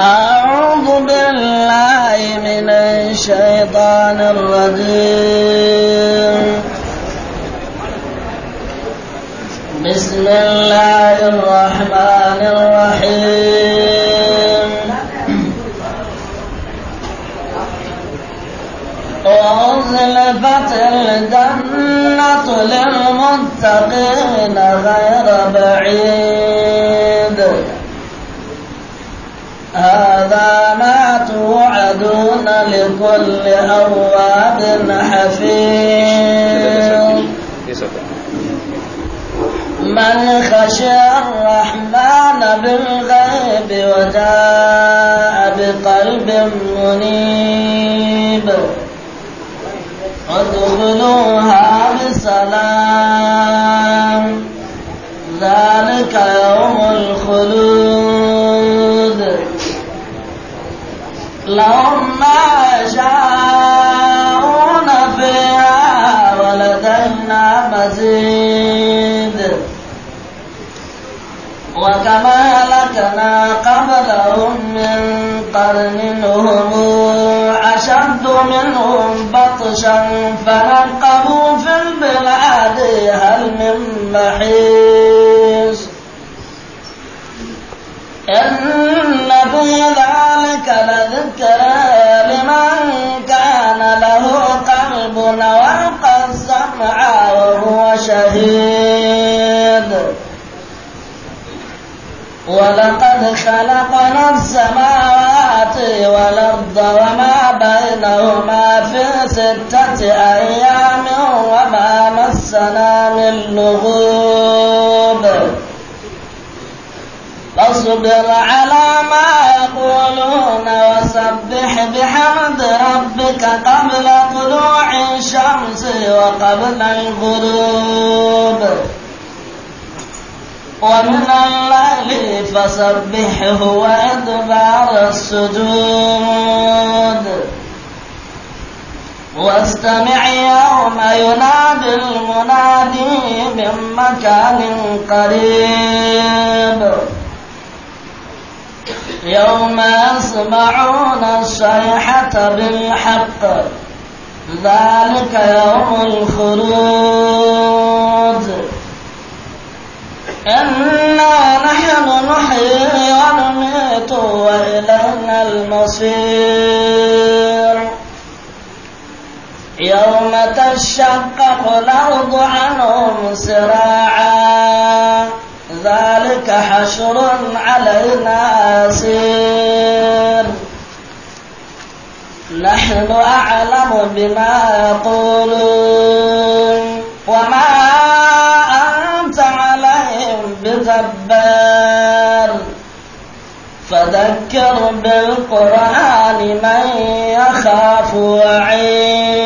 أعوذ بالله من الشيطان الرجيم بسم الله الرحمن الرحيم أزلفت الجنة للمتقين غير بعيد كل أواب حفيظ من خشى الرحمن بالغيب وجاء بقلب منيب ادخلوها بسلام ذلك يوم الخلود لهم ما يشاءون فيها ولدينا مزيد وكما لكنا قبلهم من قرن هم أشد منهم بطشا فنقبوا في البلاد هل من محيط إن في ذلك لذكرى لمن كان له قلب وألقى السمع وهو شهيد ولقد خلقنا السماوات والأرض وما بينهما في ستة أيام وما مسنا من لغوب واصبر على ما يقولون وسبح بحمد ربك قبل طلوع الشمس وقبل الغروب ومن الليل فسبحه وأدبار السجود واستمع يوم ينادي المنادي من مكان قريب يوم يسمعون الصيحة بالحق ذلك يوم الخروج إنا نحن نحيي ونميت وإلينا المصير يوم تشقق الأرض عنهم سراعاً ذلك حشر علينا سير نحن أعلم بما يقولون وما أنت عليهم بذبار فذكر بالقرآن من يخاف وعيد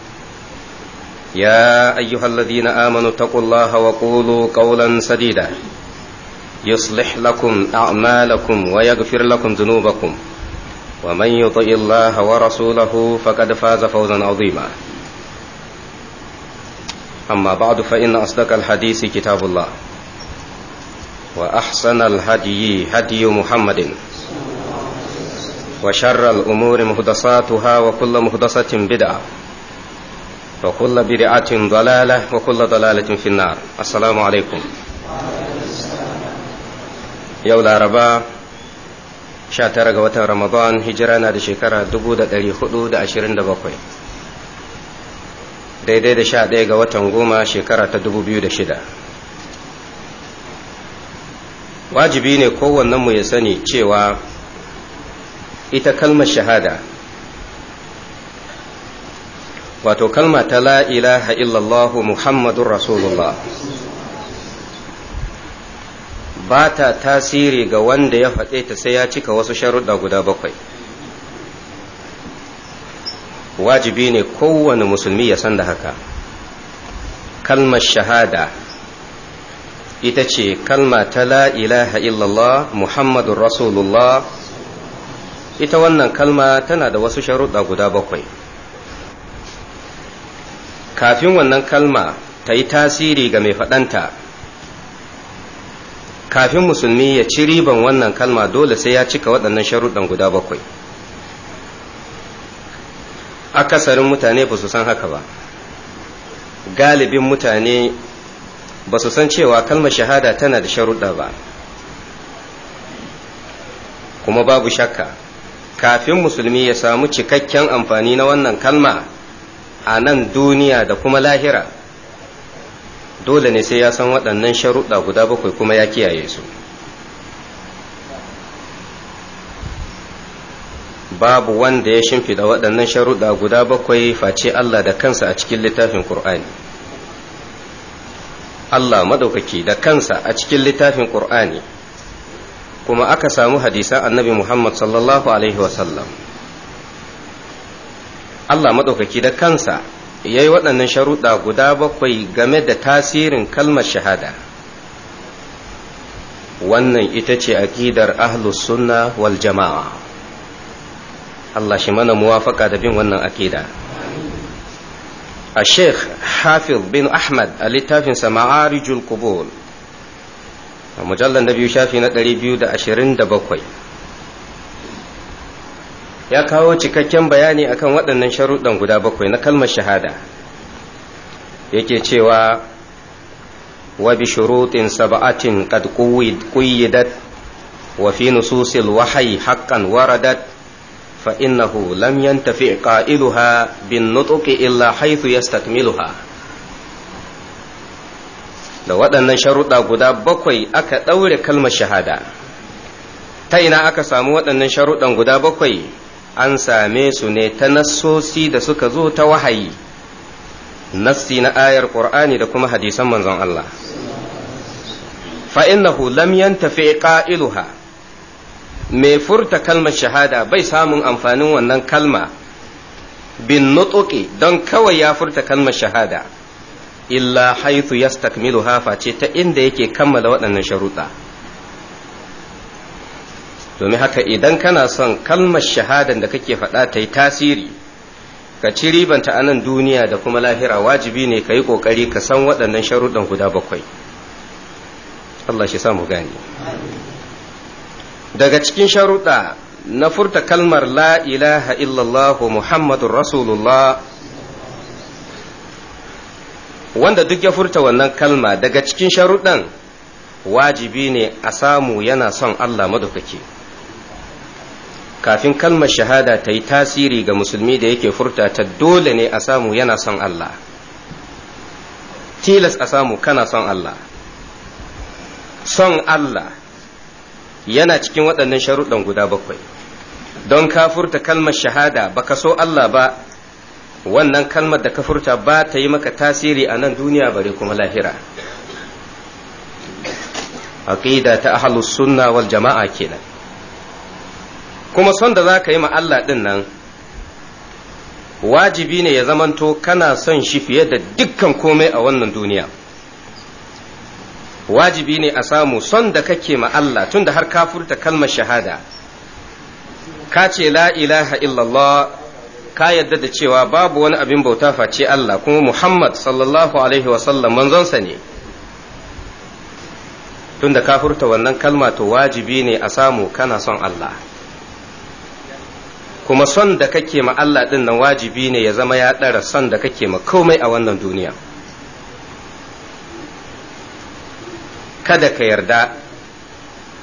يا ايها الذين امنوا اتقوا الله وقولوا قولا سديدا يصلح لكم اعمالكم ويغفر لكم ذنوبكم ومن يطع الله ورسوله فقد فاز فوزا عظيما اما بعد فان اصدق الحديث كتاب الله واحسن الهدي هدي محمد وشر الامور مهدساتها وكل مهدسة بدعه وكل بدعة ضلالة وكل ضلالة في النار السلام عليكم يوم الأربعاء sha tara ga watan ramadan hijira na da shekara dubu da ɗari hudu da ashirin da bakwai daidai da sha ɗaya ga watan goma shekara ta dubu biyu da shida wajibi ne kowannenmu ya sani cewa ita kalmar shahada wato kalma ta la ilaha illallahu muhammadun rasulullah ba ta tasiri ga wanda ya faɗe ta sai ya cika wasu sharuɗa guda bakwai wajibi ne kowane musulmi ya san da haka kalmar shahada ita ce kalma ta la ilaha illallah muhammadun rasulullah ita wannan kalma tana da wasu sharuɗa guda bakwai kafin wannan kalma ta yi tasiri ga mai faɗanta kafin musulmi ya ci riban wannan kalma dole sai ya cika waɗannan sharuɗan guda bakwai akasarin mutane ba su san haka ba galibin mutane ba su san cewa kalmar shahada tana da sharuɗa ba kuma babu shakka kafin musulmi ya samu cikakken amfani na wannan kalma a nan duniya da kuma lahira dole ne sai ya san waɗannan sharuɗa guda bakwai kuma ya kiyaye su babu wanda ya shimfida waɗannan sharuɗa guda bakwai face Allah da kansa a cikin littafin Kur'ani. Allah madaukaki da kansa a cikin littafin ƙur'ani kuma aka samu hadisan annabi Muhammad sallallahu Alaihi wasallam. Allah maɗaukaki da kansa ya yi waɗannan sharuɗa guda bakwai game da tasirin kalmar shahada wannan ita ce aƙidar ahlus sunna wal jama'a Allah shi mana muwafaka da bin wannan aƙida a sheikh hafiz bin ahmad a littafinsa ma'arijul qubul a mujallar ɗari biyu shafi na 227 ya kawo cikakken bayani akan waɗannan sharuɗan guda bakwai na kalmar shahada yake cewa wa bi shurutin sab'atin qad quyyidat wa fi nususil wahyi haqqan waradat fa innahu lam yantafi qailuha bin nutqi illa haythu yastakmiluha da waɗannan sharuɗa guda bakwai aka ɗaure kalmar shahada ta ina aka samu waɗannan sharuɗan guda bakwai an same su ne ta nassosi da suka zo ta wahayi nassi na ayar ƙur'ani da kuma hadisan manzon Allah fa'innahu lam yantafi ƙa'iluha mai furta kalmar shahada bai samun amfanin wannan kalma bin nutsuki don kawai ya furta kalmar shahada illa haithu yastakmiluha ce ta inda yake kammala waɗannan sharuɗa. domin haka idan kana son kalmar shahadan da kake faɗa ta yi tasiri ka ci ribanta a nan duniya da kuma lahira wajibi ne ka yi ƙoƙari ka san waɗannan sharuɗan guda bakwai Allah shi samu gani daga cikin sharuɗa na furta kalmar la ilaha illallah muhammadun rasulullah wanda duk ya furta wannan kalma daga cikin sharuɗan wajibi ne a samu yana son Allah madaukaki. kafin kalmar shahada ta yi tasiri ga musulmi da yake furta ta dole ne a samu yana son Allah tilas a samu kana son Allah son Allah yana cikin waɗannan sharuɗan guda bakwai don ka furta kalmar shahada baka so Allah ba wannan kalmar da ka furta ba ta yi maka tasiri a nan duniya bare kuma lahira aqida ta ahlus sunna wal jama'a kenan kuma son da za ka yi ma Allah ɗin nan wajibi ne ya zamanto kana son shi fiye da dukkan komai a wannan duniya wajibi ne a samu son da kake ma Allah tun da har ka furta kalmar shahada ka ce la ilaha illallah ka yadda da cewa babu wani abin bauta face Allah kuma Muhammad sallallahu alaihi wasallam manzonsa ne tun da ka furta wannan kalma to wajibi ne a samu kana son Allah kuma son da kake ma Allah ɗin nan wajibi ne ya zama ya ɗara son da kake ma komai a wannan duniya kada ka yarda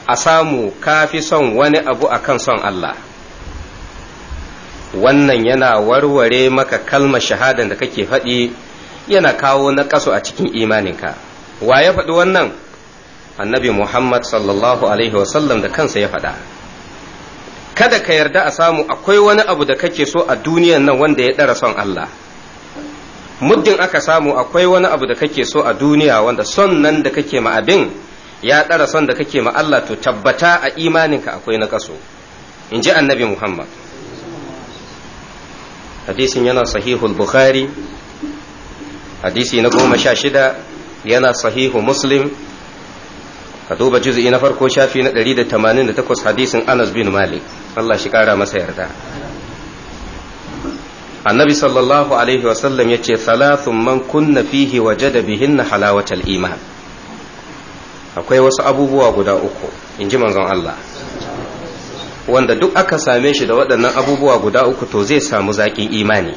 a samu ka fi son wani abu akan son Allah wannan yana warware maka kalmar shahadan da kake faɗi yana kawo na ƙaso a cikin imaninka wa ya faɗi wannan annabi muhammad sallallahu alaihi wasallam da kansa ya faɗa kada ka yarda a samu akwai wani abu da kake so a duniyan nan wanda ya ɗara son Allah muddin aka samu akwai wani abu da kake so a duniya wanda son nan da kake ma abin ya ɗara son da kake ma Allah to tabbata a imaninka akwai na kaso in ji annabi Muhammad hadisin yana sahihul bukhari hadisi na goma sha shida yana sahihu muslim ka duba juz'i na farko shafi na 188 hadisin Anas bin Malik Allah shi kara masa yarda annabi sallallahu alaihi wasallam ce thalathun man kunna fihi wajada na halawatal iman akwai wasu abubuwa guda uku in ji manzon Allah wanda duk aka same shi da waɗannan abubuwa guda uku to zai samu zaƙin imani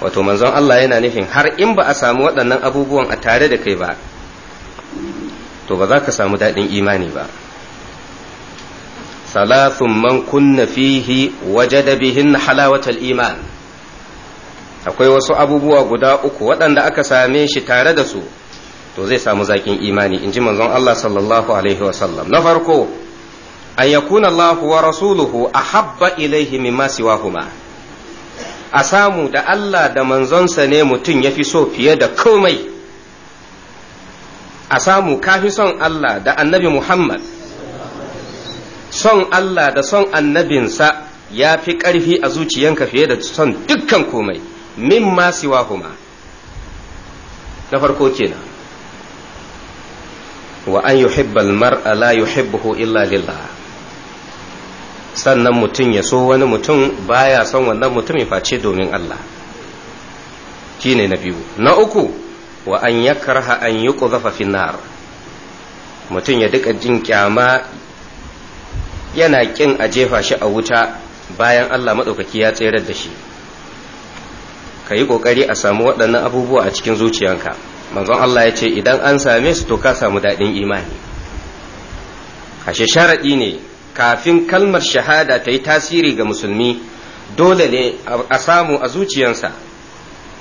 wato manzon Allah yana nufin har in ba a samu waɗannan abubuwan a tare da kai ba to ba za ka samu daɗin imani ba salasun man kunna fihi da bihin halawatal iman akwai wasu abubuwa guda uku waɗanda aka same shi tare da su to zai samu zaƙin imani in ji manzon Allah sallallahu alaihi wasallam na farko an yakuna Allah wa rasuluhu ahabba ilaihi mimma siwahuma a samu da Allah da manzonsa ne mutum ya fi so fiye da komai a samu kafi son Allah da annabi Muhammad son Allah da son annabinsa ya fi ƙarfi a zuciyanka fiye da son dukkan komai min masu siwa huma na farko kenan wa an yuhibbal mar'a la yuhibbuhu illa lillah sannan mutum ya so wani mutum baya son wannan mutumin face domin Allah shine na biyu na uku wa an yakraha an yi fi nar mutum ya duka jin kyama yana kin a jefa shi a wuta bayan Allah madaukaki ya tsayar da shi ka yi kokari a samu waɗannan abubuwa a cikin zuciyanka manzon Allah ya ce idan an same su to ka samu daɗin imani ashe sharaɗi ne kafin kalmar shahada ta yi tasiri ga musulmi dole ne a samu a zuciyansa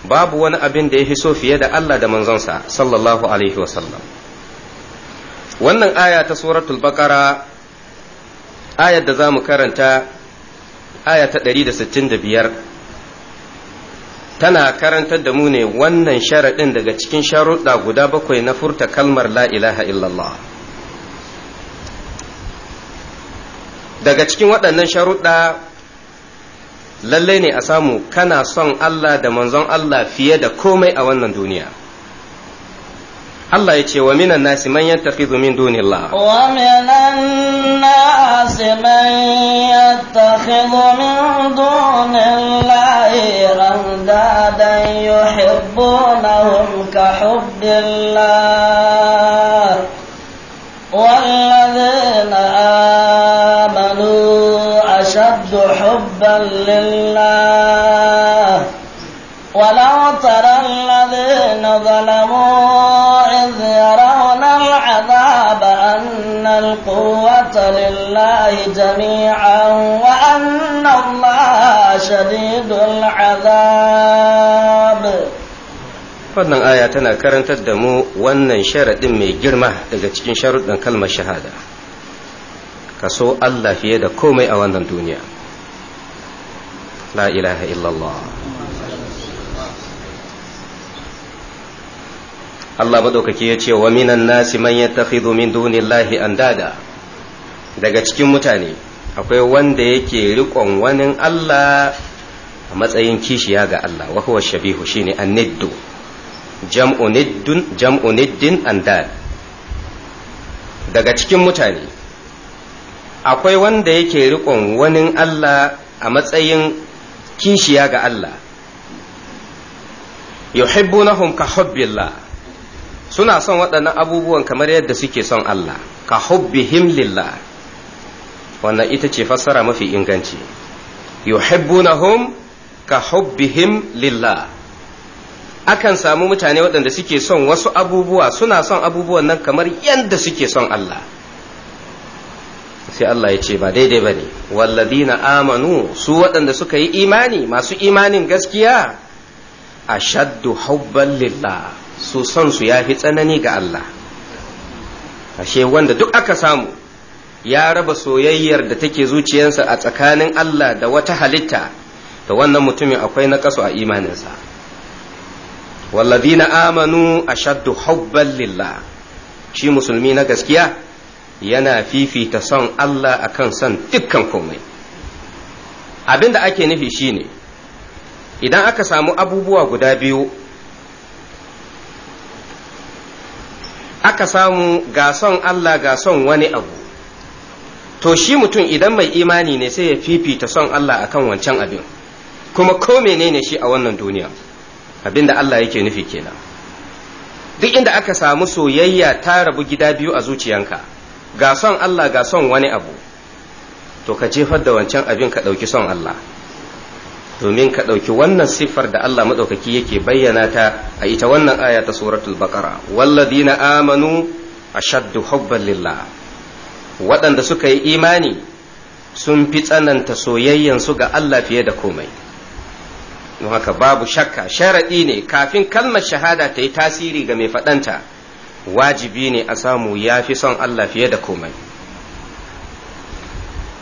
babu wani abin da ya fi so fiye da Allah da manzonsa sallallahu alaihi wasallam wannan aya ta suratul baqara ayar da za mu karanta aya ta biyar tana karantar da mu ne wannan sharaɗin daga cikin sharuɗa guda bakwai na furta kalmar la ilaha illallah daga cikin waɗannan sharuɗa lallai ne a samu kana son Allah da manzon Allah fiye da komai a wannan duniya Allah ya ce wa minan nasi man yattakhidhu min dunillah wa minan nasi man yattakhidhu min dunillahi randadan yuhibbunahum ka hubbillah حبا لله ولو ترى الذين ظلموا إذ يرون العذاب أن القوة لله جميعا وأن الله شديد العذاب wannan aya tana karantar da mu wannan sharaɗin mai girma daga cikin sharuɗin kalmar shahada ka so Allah fiye da komai a wannan duniya la ilaha illallah Allah maɗaukaki ya ce wa minan nasi man yattakhidhu min dunillahi andada daga cikin mutane akwai wanda yake riƙon wani Allah a matsayin kishiya ga Allah wa huwa shabihu shine anniddu jam'u niddun jam'u niddin andad daga cikin mutane akwai wanda yake riƙon wani Allah a matsayin kishiya ga Allah yuhibbunahum ka hubbillah suna son waɗannan abubuwan kamar yadda suke son Allah ka hubbihim lillah wannan ita ce fassara mafi inganci yuhibbunahum ka hubbihim lillah akan samu mutane waɗanda suke son wasu abubuwa suna son abubuwan nan kamar yadda suke son Allah sai Allah ya ce ba daidai ba ne walladina amanu su waɗanda suka yi imani masu imanin gaskiya ashaddu hubban lillah su san su ya fi tsanani ga Allah ashe wanda duk aka samu ya raba soyayyar da take zuciyarsa a tsakanin Allah da wata halitta da wannan mutumin akwai na kaso a imaninsa walladina amanu shaddu hubban lillah shi musulmi na gaskiya yana fifita son Allah akan son dukkan komai abin da ake nufi shine idan aka samu abubuwa guda biyu aka samu ga son Allah ga son wani abu to shi mutum idan mai imani ne sai ya fifita son Allah akan wancan abin kuma ko menene shi a wannan duniya abin da Allah yake nufi kenan duk inda aka samu soyayya ta rabu gida biyu a zuciyanka ga son Allah ga son wani abu to ka jefar da wancan abin ka ɗauki son Allah domin ka ɗauki wannan siffar da Allah maɗaukaki yake bayyana ta a ita wannan aya ta suratul baqara walladina amanu ashaddu hubban lillah waɗanda suka yi imani sun fi tsananta soyayyan su ga Allah fiye da komai don haka babu shakka sharaɗi ne kafin kalmar shahada ta yi tasiri ga mai faɗanta wajibi ne a samu ya fi son Allah fiye da komai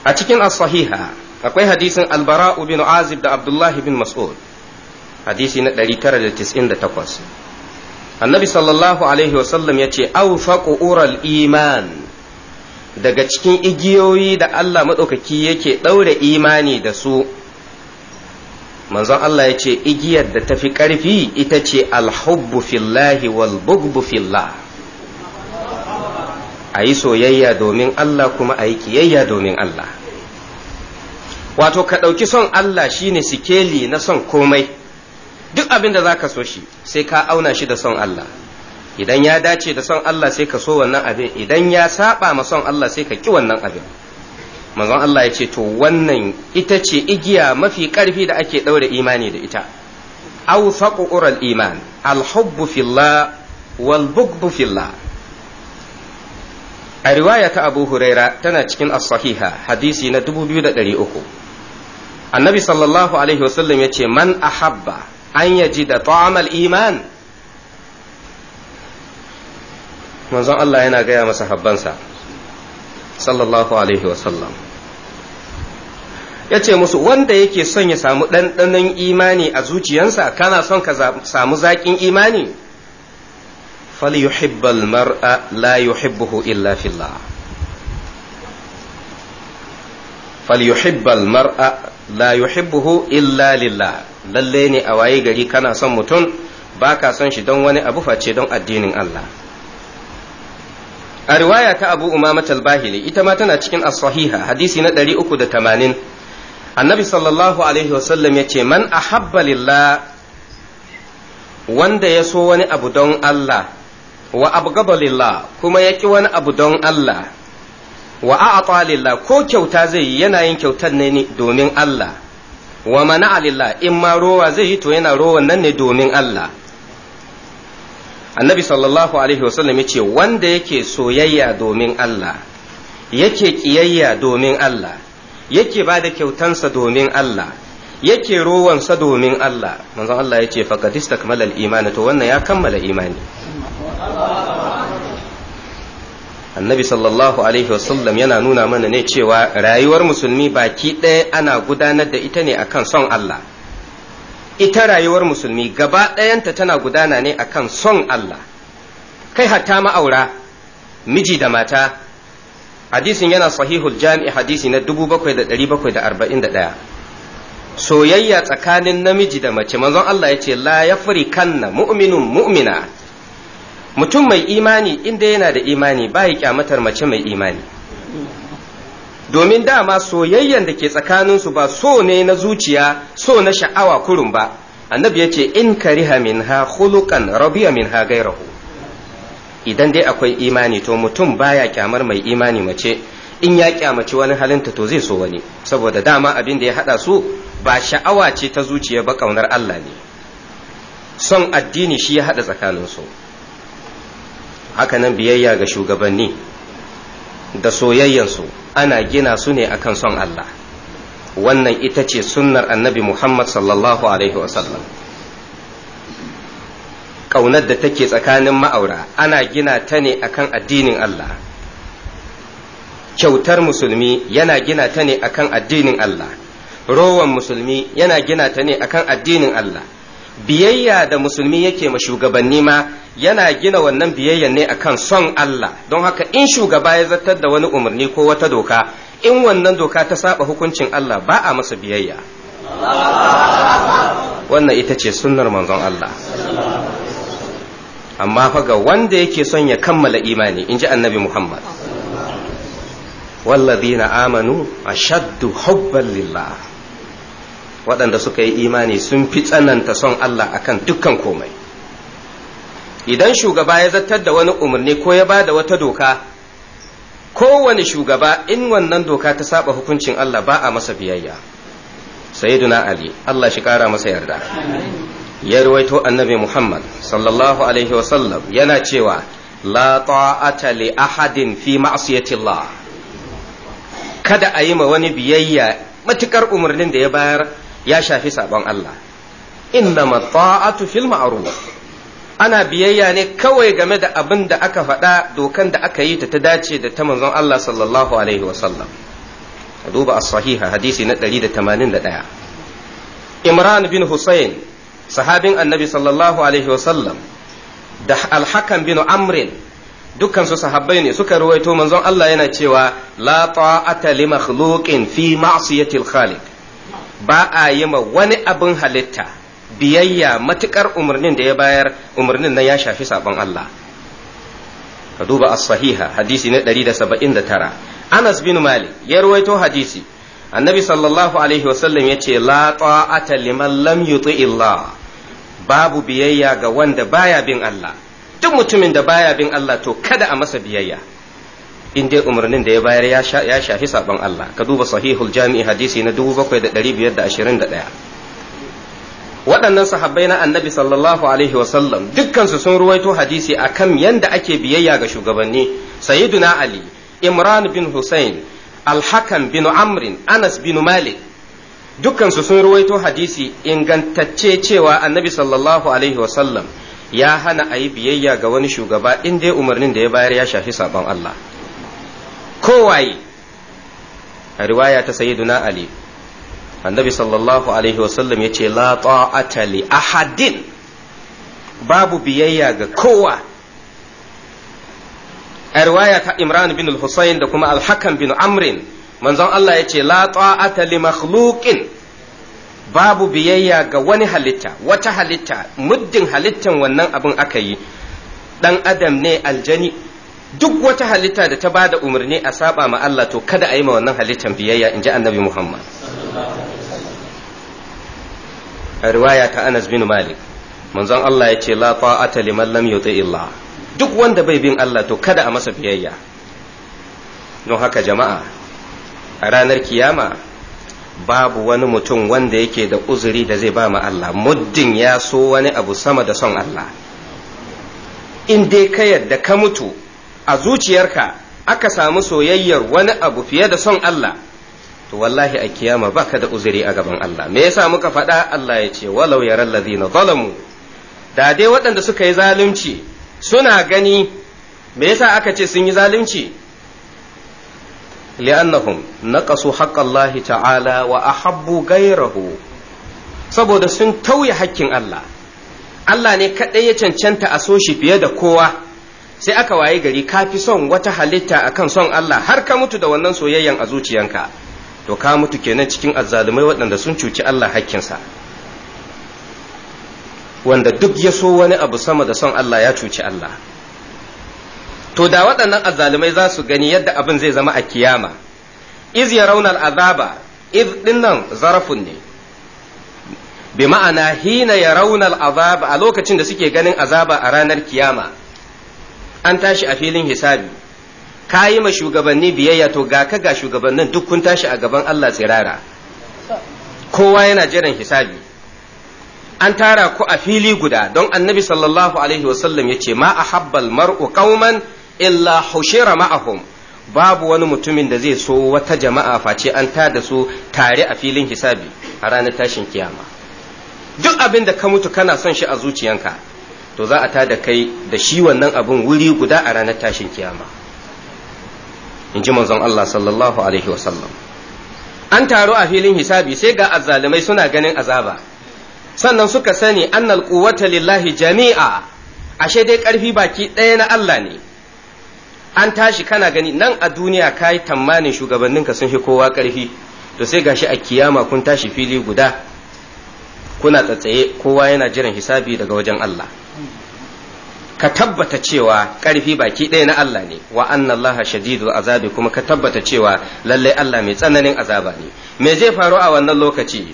a cikin as-sahiha akwai hadisin albara'u bin azib da abdullahi bin mas'ud hadisi na 998 annabi sallallahu alaihi wasallam ya ce awfaqu ural iman daga cikin igiyoyi da Allah maɗaukaki yake ɗaure imani da su manzon Allah ya ce igiyar da tafi ƙarfi ita ce alhubbu fillahi wal bugbu fillah a yi soyayya domin Allah kuma a yi kiyayya domin Allah wato ka ɗauki son Allah shi ne sikeli na son komai duk abin da za ka so shi sai ka auna shi da son Allah idan ya dace da son Allah sai ka so wannan abin idan ya saba ma son Allah sai ka ki wannan abin manzon Allah ya ce to wannan ita ce igiya mafi ƙarfi da ake ɗaure imani da ita Au, faƙo'ural iman al hubbu fillah wal a riwaya ta abu huraira tana cikin as-sahiha hadisi na 2300 annabi sallallahu alaihi wasallam ya ce man ahabba an yaji da ta'amal iman manzon Allah yana gaya masa habbansa sallallahu alaihi wasallam ya ce musu wanda yake son ya samu ɗanɗanon imani a zuciyansa kana son ka samu zaƙin imani فليحب المرء لا يحبه إلا في الله فليحب المرء لا يحبه إلا لله lalle ne a waye gari kana son mutum ba ka son shi don wani abu face don addinin Allah a riwaya ta abu umama talbahili ita ma tana cikin as-sahiha hadisi na 380 annabi sallallahu alaihi wasallam ya ce man ahabba lillah wanda ya so wani abu don Allah wa abgada lillah kuma ya ƙi wani abu don Allah wa a'ata lillah ko kyauta zai yi yana yin kyautar ne domin Allah wa mana lillah in ma rowa zai yi to yana rowan nan ne domin Allah annabi sallallahu alaihi wasallam yace wanda yake soyayya domin Allah yake ƙiyayya domin Allah yake bada da kyautansa domin Allah yake rowansa domin Allah manzon Allah yace faqad istakmala al-iman to wannan ya kammala imani annabi sallallahu alaihi wasallam yana nuna mana ne cewa rayuwar musulmi baki ɗaya ana gudanar da ita ne akan son Allah ita rayuwar musulmi gaba ɗayanta tana gudana ne akan son Allah kai hatta ma'aura miji da mata hadisin yana sahihul jami'i hadisi na 7741 soyayya tsakanin namiji da mace manzon Allah ya ce la yafrikanna mu'minun mu'mina mutum mai imani inda yana da imani ba ya kyamatar mace mai imani domin dama soyayyan da ke tsakaninsu ba so ne na zuciya so na sha'awa kurun ba annabi ya ce in kariha minha khuluqan rabiya minha gairahu idan dai akwai imani to mutum baya kyamar mai imani mace in ya kyamaci wani halinta to zai so wani saboda dama abin da ya hada su ba sha'awa ce ta zuciya ba ƙaunar Allah ne son addini shi ya hada tsakaninsu hakanan biyayya ga shugabanni da soyayyansu ana gina su ne akan son Allah wannan ita ce sunnar annabi Muhammad sallallahu alaihi wasallam ƙaunar da take tsakanin ma'aura ana gina ta ne akan addinin Allah kyautar musulmi yana gina ta ne akan addinin Allah rowan musulmi yana gina ta ne akan addinin Allah biyayya da musulmi yake ma shugabanni ma yana gina wannan biyayyan ne akan son Allah don haka in shugaba ya zartar da wani umarni ko wata doka in wannan doka ta saba hukuncin Allah ba a masa biyayya wannan ita ce sunnar manzon Allah amma fa ga wanda yake son ya kammala imani in ji annabi Muhammad والذين Amanu أشد حبا lillah. waɗanda suka yi imani sun fi tsananta son Allah akan dukkan komai idan shugaba ya zartar da wani umarni ko ya ba da wata doka kowane shugaba in wannan doka ta saba hukuncin Allah ba a masa biyayya sayyiduna ali Allah shi kara masa yarda ya ruwaito annabi Muhammad sallallahu alaihi wasallam yana cewa la ta'ata li ahadin fi ma'siyatillah kada a yi ma wani biyayya matukar umarnin da ya bayar ya shafi sabon Allah innama ta'atu fil ma'ruf ana biyayya ne kawai game da abin da aka faɗa dokan da aka yi ta ta dace da ta manzon Allah sallallahu alaihi wasallam duba as-sahiha hadisi na 181 Imran bin Husayn sahabin annabi sallallahu alaihi sallam da al-Hakam bin Amr dukkan su sahabbai ne suka ruwaito manzon Allah yana cewa la ta'ata li makhluqin fi ma'siyatil khaliq ba a yi ma wani abin halitta biyayya matukar umarnin da ya bayar umarnin na ya shafi sabon Allah ka duba as-sahiha hadisi na da da saba'in tara Anas bin Malik ya ruwaito hadisi annabi sallallahu alaihi wasallam ya ce la ta'ata liman lam yuti Allah babu biyayya ga wanda baya bin Allah duk mutumin da baya bin Allah to kada a masa biyayya in dai umarnin da ya bayar ya shafi sabon Allah ka duba sahihul jami'i hadisi na 7521 waɗannan sahabbai na annabi sallallahu alaihi wasallam dukkansu sun ruwaito hadisi akan yanda ake biyayya ga shugabanni sayyiduna ali imran bin husain alhakan bin amrin anas bin malik dukkansu sun ruwaito hadisi ingantacce cewa annabi sallallahu alaihi wasallam ya hana a yi biyayya ga wani shugaba in dai umarnin da ya bayar ya shafi sabon Allah kowaye a riwaya ta sayyiduna ali annabi sallallahu alaihi wasallam ya ce la ta'ata li ahadin babu biyayya ga kowa a riwaya ta imran bin al-husayn da kuma al-hakam bin amrin manzon Allah ya ce la ta'ata li makhluqin babu biyayya ga wani halitta wata halitta muddin halittan wannan abin aka yi dan adam ne aljani duk wata halitta da ta bada umarni a saba ma Allah to kada a yi ma wannan halittan biyayya in ji annabi Muhammad a riwaya ta Anas bin Malik manzon Allah ya ce la ta'ata liman lam yuti illa duk wanda bai bin Allah to kada a masa biyayya don haka jama'a a ranar kiyama babu wani mutum wanda yake da uzuri da zai ba ma Allah muddin ya so wani abu sama da son Allah in dai ka yarda ka mutu a zuciyarka aka samu soyayyar wani abu fiye da son Allah to wallahi a kiyama baka da uzuri a gaban Allah me yasa muka faɗa Allah ya ce walau yaral ladina zalamu da dai waɗanda suka yi zalunci suna gani me yasa aka ce sun yi zalunci li'annahum naqasu haqqallahi ta'ala wa ahabbu ghayrahu saboda sun tauye haƙƙin Allah Allah ne kaɗai ya cancanta a so shi fiye da kowa sai aka waye gari ka fi son wata halitta akan son Allah har ka mutu da wannan soyayyan a zuciyanka to ka mutu kenan cikin azzalumai waɗanda sun cuci Allah hakkinsa wanda duk ya so wani abu sama da son Allah ya cuci Allah to da waɗannan azzalumai za su gani yadda abin zai zama a kiyama iz ya raunar azaba iz ɗinnan zarafin ne bi ma'ana hina ya raunar azaba a lokacin da suke ganin azaba a ranar kiyama an tashi a filin hisabi ka yi ma shugabanni biyayya to ga ka ga shugabannin duk kun tashi a gaban Allah tsirara kowa yana jiran hisabi an tara ku a fili guda don annabi sallallahu alaihi wasallam ya ce ma a habbal mar'u qauman illa hushira ma'ahum babu wani mutumin da zai so wata jama'a face an ta da su tare a filin hisabi a ranar tashin kiyama duk abin da ka mutu kana son shi a zuciyanka to za a tada kai da shi wannan abin wuri guda a ranar tashin kiyama in ji manzon Allah sallallahu alaihi wasallam an taru a filin hisabi sai ga azzalumai suna ganin azaba sannan suka sani annal quwwata lillahi jami'a ashe dai karfi baki ɗaya na Allah ne an tashi kana gani nan a duniya kai shugabannin ka sun fi kowa karfi to sai gashi a kiyama kun tashi fili guda kuna tsatsaye kowa yana jiran hisabi daga wajen Allah ka tabbata cewa ƙarfi baki ɗaya na Allah ne wa anna Allah shadidu azabi kuma ka tabbata cewa lallai Allah mai tsananin azaba ne me zai faru a wannan lokaci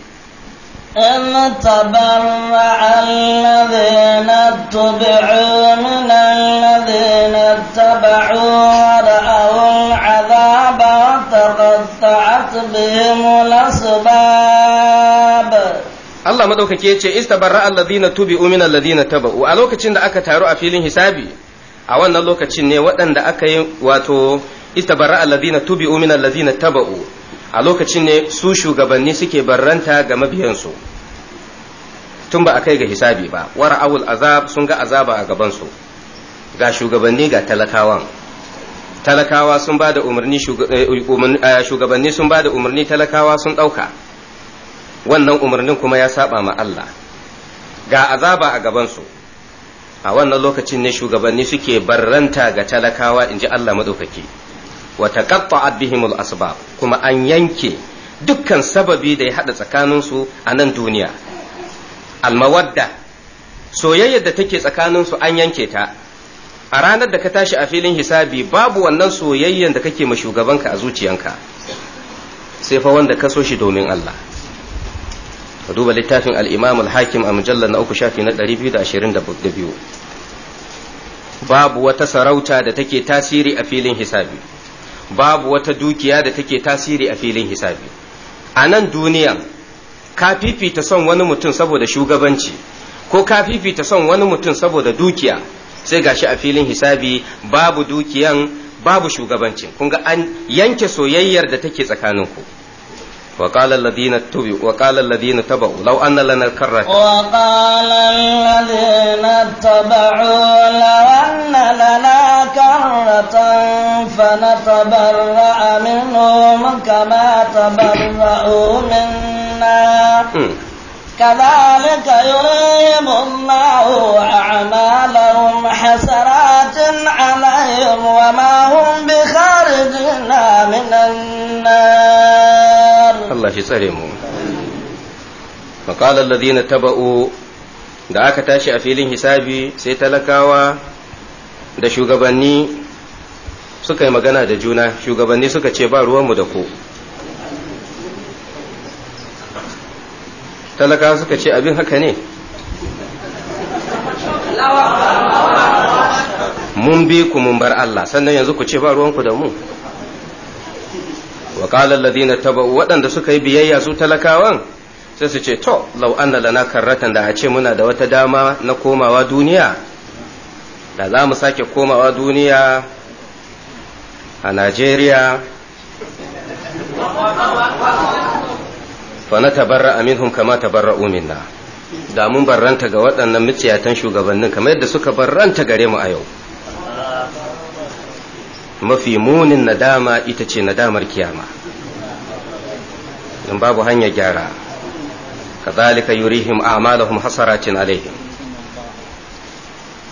إن تبرع الذين اتبعوا من الذين اتبعوا ورأوا العذاب وتقطعت بهم madaukake ya ce istabarra alladhina tubi umin alladhina taba a lokacin da aka taru a filin hisabi a wannan lokacin ne waɗanda aka yi wato istabarra alladhina tubi umin alladhina taba a lokacin ne su shugabanni suke barranta ga mabiyansu tun ba a kai ga hisabi ba wara awul azab sun ga azaba a gabansu ga shugabanni ga talakawan talakawa sun ba da umarni eh, eh, shugabanni sun ba da umarni talakawa sun ɗauka wannan umarnin kuma ya saba ma Allah ga azaba a gabansu a wannan lokacin ne shugabanni suke barranta ga talakawa in ji Allah maɗaukaki wa taqatta'at bihimul asbab kuma an yanke dukkan sababi da ya haɗa tsakaninsu a nan duniya almawadda soyayyar da take tsakaninsu an yanke ta a ranar da ka tashi a filin hisabi babu wannan soyayyan da kake ma shugabanka a zuciyanka sai fa wanda ka so shi domin Allah ka duba littafin al'imamul hakim a mujallar na uku shafi na 222 babu wata sarauta da take tasiri a filin hisabi babu wata dukiya da take tasiri a filin hisabi a nan duniya ka fifita son wani mutum saboda shugabanci ko ka fifita son wani mutum saboda dukiya sai gashi a filin hisabi babu dukiyan babu shugabancin kun an yanke soyayyar da take tsakaninku وقال الذين تبعوا وقال الذين تبعوا لو أن لنا الكرة وقال الذين اتبعوا لو أن لنا كرة فنتبرأ منهم كما تبرأوا منا كذلك يريهم الله أعمالهم حسرات عليهم وما هم Allah shi tsare mu faƙalar ladina taba'u da aka tashi a filin hisabi sai talakawa da shugabanni suka yi magana da juna shugabanni suka ce ba ruwanmu da ku talakawa suka ce abin haka ne mun bi ku mun bar Allah sannan yanzu ku ce ba ruwanku da mu qala alladhina taba'u waɗanda suka yi biyayya su talakawan sai su ce to law anna lana karratan da a ce muna da wata dama na komawa duniya da za mu sake komawa duniya a Najeriya fa na tabarra aminhum kama tabarra'u minna da mun barranta ga waɗannan miciyatan shugabannin kamar yadda suka barranta gare mu a yau mafi munin nadama ita ce nadamar kiyama In babu hanyar gyara kadhalika yurihim a'malahum hasaratin alaihim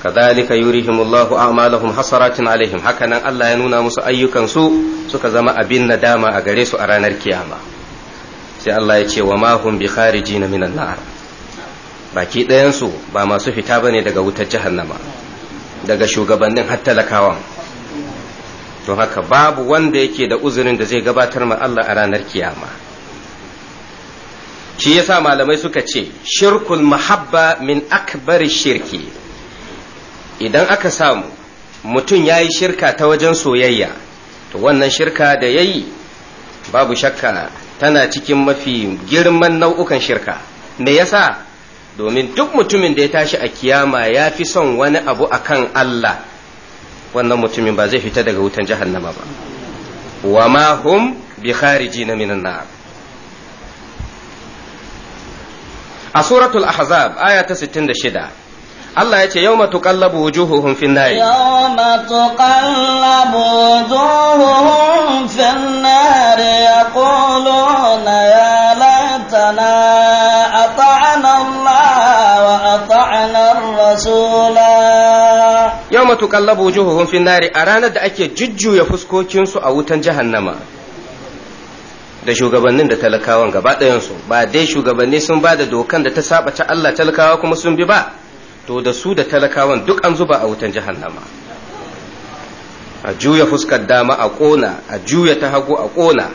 kadhalika yurihim Allahu a'malahum hasaratin alaihim hakanan Allah ya nuna musu ayyukan su suka zama abin nadama a gare su a ranar kiyama sai Allah ya ce wa ma hum bi kharijina minan nar baki ɗayan su ba masu fita bane daga wutar jahannama daga shugabannin har talakawan don haka babu wanda yake da uzurin da zai gabatar ma Allah a ranar kiyama shi yasa malamai suka ce shirkul mahabba min akbar shirki idan aka samu mutum ya yi shirka ta wajen soyayya to wannan shirka da ya yi babu shakka tana cikin mafi girman nau'ukan shirka me yasa domin duk mutumin da ya tashi a kiyama ya fi son wani abu akan Allah wannan mutumin ba zai fita daga wutan jahannama ba wa ma hum bi khariji minan nar a suratul ahzab aya ta 66 Allah ya ce yau matuƙallabu wujuhuhum fin nari. Yau matuƙallabu wujuhuhum fin nari ya Kulu na ya laitana a ta'ana Allah wa a ta'anar Rasula. Yau matuƙallabu wujuhuhum fin nari a ranar da ake jujjuya fuskokinsu a wutan jahannama. da shugabannin da talakawan gaba ɗayansu ba dai shugabanni sun ba da dokan da ta saba ta Allah talakawa kuma sun bi ba to da su da talakawan duk an zuba a wutan jahannama a juya fuskar dama a ƙona a juya ta hagu a ƙona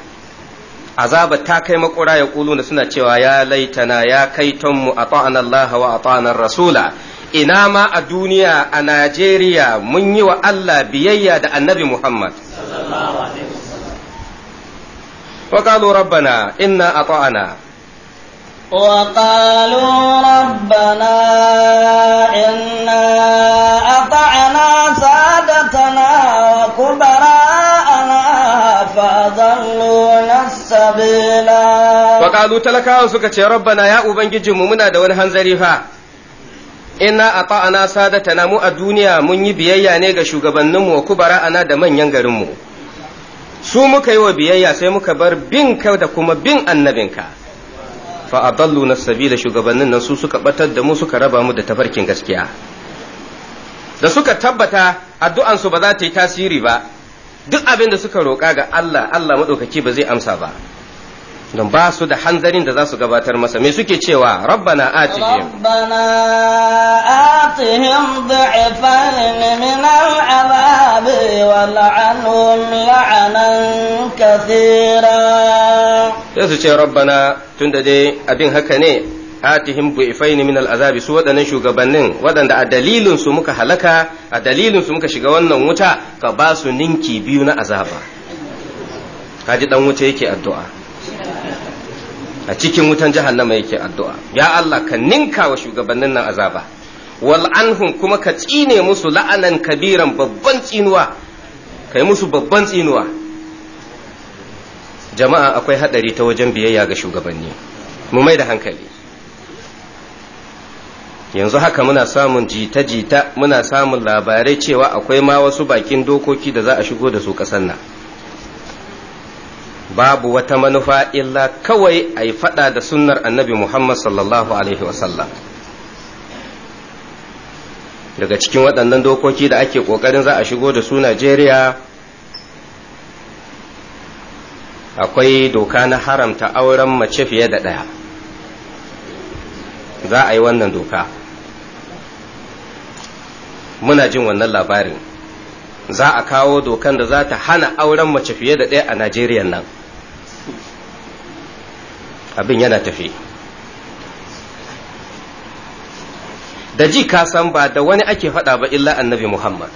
azaba ta kai makura ya ƙulu na suna cewa ya laitana ya kai mu a ta'an Allah wa a ta'an rasula ina ma a duniya a Najeriya mun yi wa Allah biyayya da annabi Muhammad وقالوا ربنا إنا أطعنا وقالوا ربنا إنا أطعنا سادتنا وكبراءنا فأضلونا السبيلا وقالوا تلكاو سكتي ربنا يا أبنجي جمومنا دون هنزريفا إنا أطعنا سادتنا sadatana mu a duniya mun وكبراءنا biyayya ينغرمو su muka yi wa biyayya sai muka bar bin ka da kuma bin annabinka fa adallu da shugabannin nan su suka batar da mu suka raba mu da tafarkin gaskiya da suka tabbata addu'ansu ba za ta yi tasiri ba duk abin da suka roƙa ga Allah Allah maɗaukaki ba zai amsa ba don ba su da hanzarin da za su gabatar masa me suke cewa rabbana atihim rabbana atihim du'ifan min al'azab wa la'anhum la'anan kathira sai su ce rabbana tunda dai abin haka ne atihim du'ifain min al'azabi, su waɗannan shugabannin waɗanda a dalilin su muka halaka a dalilinsu muka shiga wannan wuta ka ba su ninki biyu na azaba kaji ɗan wuta yake addu'a a cikin wutan jahannama yake addu'a ya Allah ka ninka wa shugabannin nan azaba wal anhum kuma ka tsine musu la'anan kabiran babban tsinuwa kai musu babban tsinuwa jama'a akwai hadari ta wajen biyayya ga shugabanni mu mai da hankali yanzu haka muna samun jita-jita muna samun labarai cewa akwai ma wasu bakin dokoki da za a shigo da su ƙasar nan babu wata manufa illa kawai a yi faɗa da sunnar annabi Muhammad sallallahu Alaihi wasallam. Daga cikin waɗannan dokoki da ake ƙoƙarin za a shigo da su Najeriya akwai doka na haramta auren mace fiye da ɗaya. Za a yi wannan doka. Muna jin wannan labarin. Za a kawo dokan da za ta hana auren mace fiye da ɗaya a Najeriya nan. abin yana tafi da ji ka san ba da wani ake faɗa ba illa annabi muhammad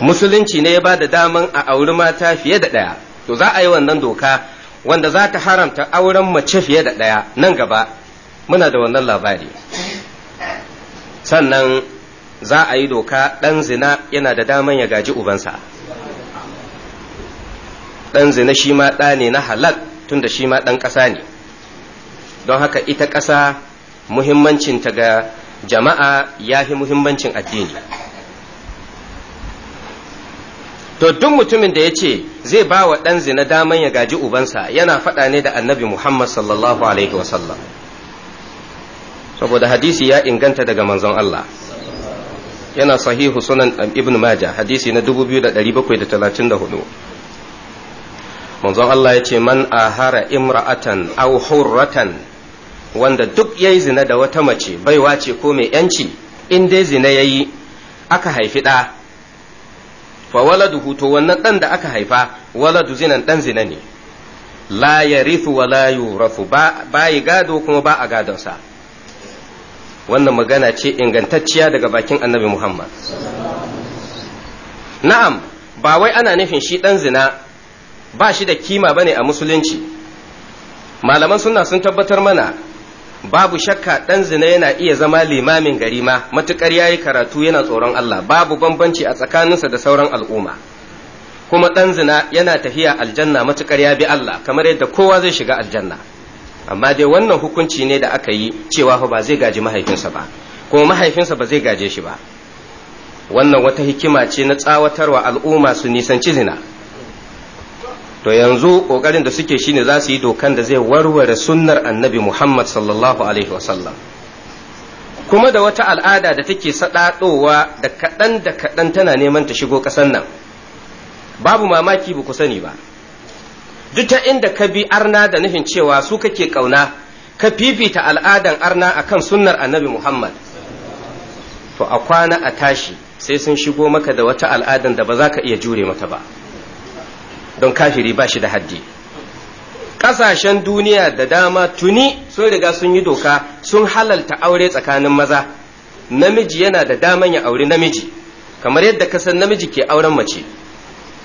musulunci ne ya ba da daman a auri mata fiye da ɗaya to za a yi wannan doka wanda za ta haramta auren mace fiye da ɗaya nan gaba muna da wannan labari sannan za a yi doka ɗan zina yana da daman ya gaji ubansa ɗan zina shi ma ɗa ne na halal tun da shi ma ɗan ƙasa ne don haka ita ƙasa muhimmancinta ga jama'a ya fi muhimmancin addini to duk mutumin da ya ce zai ba wa ɗan zina daman ya gaji ubansa yana faɗa ne da annabi muhammad sallallahu alaihi wasallam saboda hadisi ya inganta daga manzon Allah yana sahihu sunan ibn majah hadisi na 2734 manzon Allah ya ce man ahara imra'atan aw hurratan wanda duk yayi zina da wata mace baiwa ce ko mai yanci in dai zina yayi aka haifi ɗa fa waladuhu to wannan dan da aka haifa waladu zinan dan zina ne la yarithu wa la yurafu ba yi gado kuma ba a gadonsa wannan magana ce ingantacciya daga bakin annabi Muhammad na'am ba wai ana nufin shi dan zina ba shi da kima bane a musulunci malaman suna sun tabbatar mana babu shakka ɗan zina yana iya zama limamin gari ma matuƙar ya yi karatu yana tsoron Allah babu bambanci a tsakaninsa da sauran al'umma kuma ɗan zina yana tafiya aljanna matuƙar ya bi Allah kamar yadda kowa zai shiga aljanna amma dai wannan hukunci ne da aka yi cewa ba zai gaji mahaifinsa ba kuma mahaifinsa ba zai gaje shi ba wannan wata hikima ce na tsawatarwa al'umma su nisanci zina to yanzu kokarin da suke shine za su yi dokan da zai warware sunnar annabi Muhammad sallallahu alaihi wasallam kuma da wata al'ada da take saɗaɗowa da kaɗan da kaɗan tana neman ta shigo ƙasar nan babu mamaki ba ku sani ba duk ta inda ka bi arna da nufin cewa su kake ƙauna ka fifita al'adan arna akan sunnar annabi Muhammad to a kwana a tashi sai sun shigo maka da wata al'adan da ba za ka iya jure mata ba. don kafiri ba shi da haddi ƙasashen duniya da dama tuni sun riga sun yi doka sun halalta aure tsakanin maza namiji yana da daman ya auri namiji kamar yadda kasan namiji ke auren mace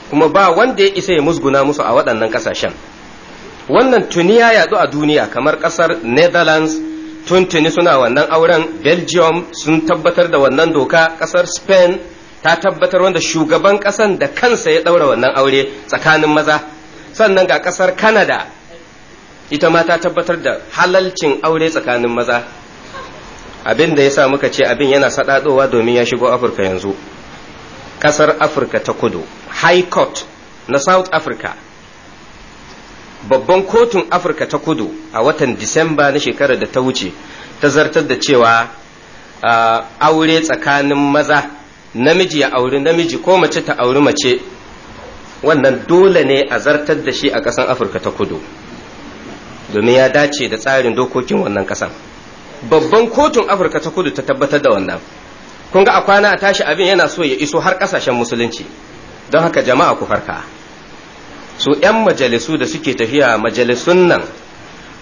kuma ba wanda ya isa ya musguna musu a waɗannan ƙasashen wannan tuni ya yadu a duniya kamar ƙasar netherlands tun tuni suna wannan auren belgium sun tabbatar da wannan doka ƙasar spain ta tabbatar wanda shugaban ƙasan da kansa ya ɗaura wannan aure tsakanin maza sannan ga ƙasar Kanada ita ma ta tabbatar da halalcin aure tsakanin maza abin da ya sa muka ce abin yana saɗaɗowa domin ya shigo Afirka yanzu ƙasar Afirka ta kudu High Court na South Africa babban kotun Afirka ta kudu a watan Disamba na shekarar da ta wuce ta zartar da cewa ah, aure tsakanin maza namiji ya auri namiji ko mace ta auri mace wannan dole ne a zartar da shi a ƙasan afirka ta kudu domin ya dace da tsarin dokokin wannan ƙasan babban kotun afirka ta kudu ta tabbatar da wannan kun ga a kwana a tashi abin yana so ya iso har ƙasashen musulunci don haka jama'a ku farka su 'yan majalisu da suke tafiya majalisun nan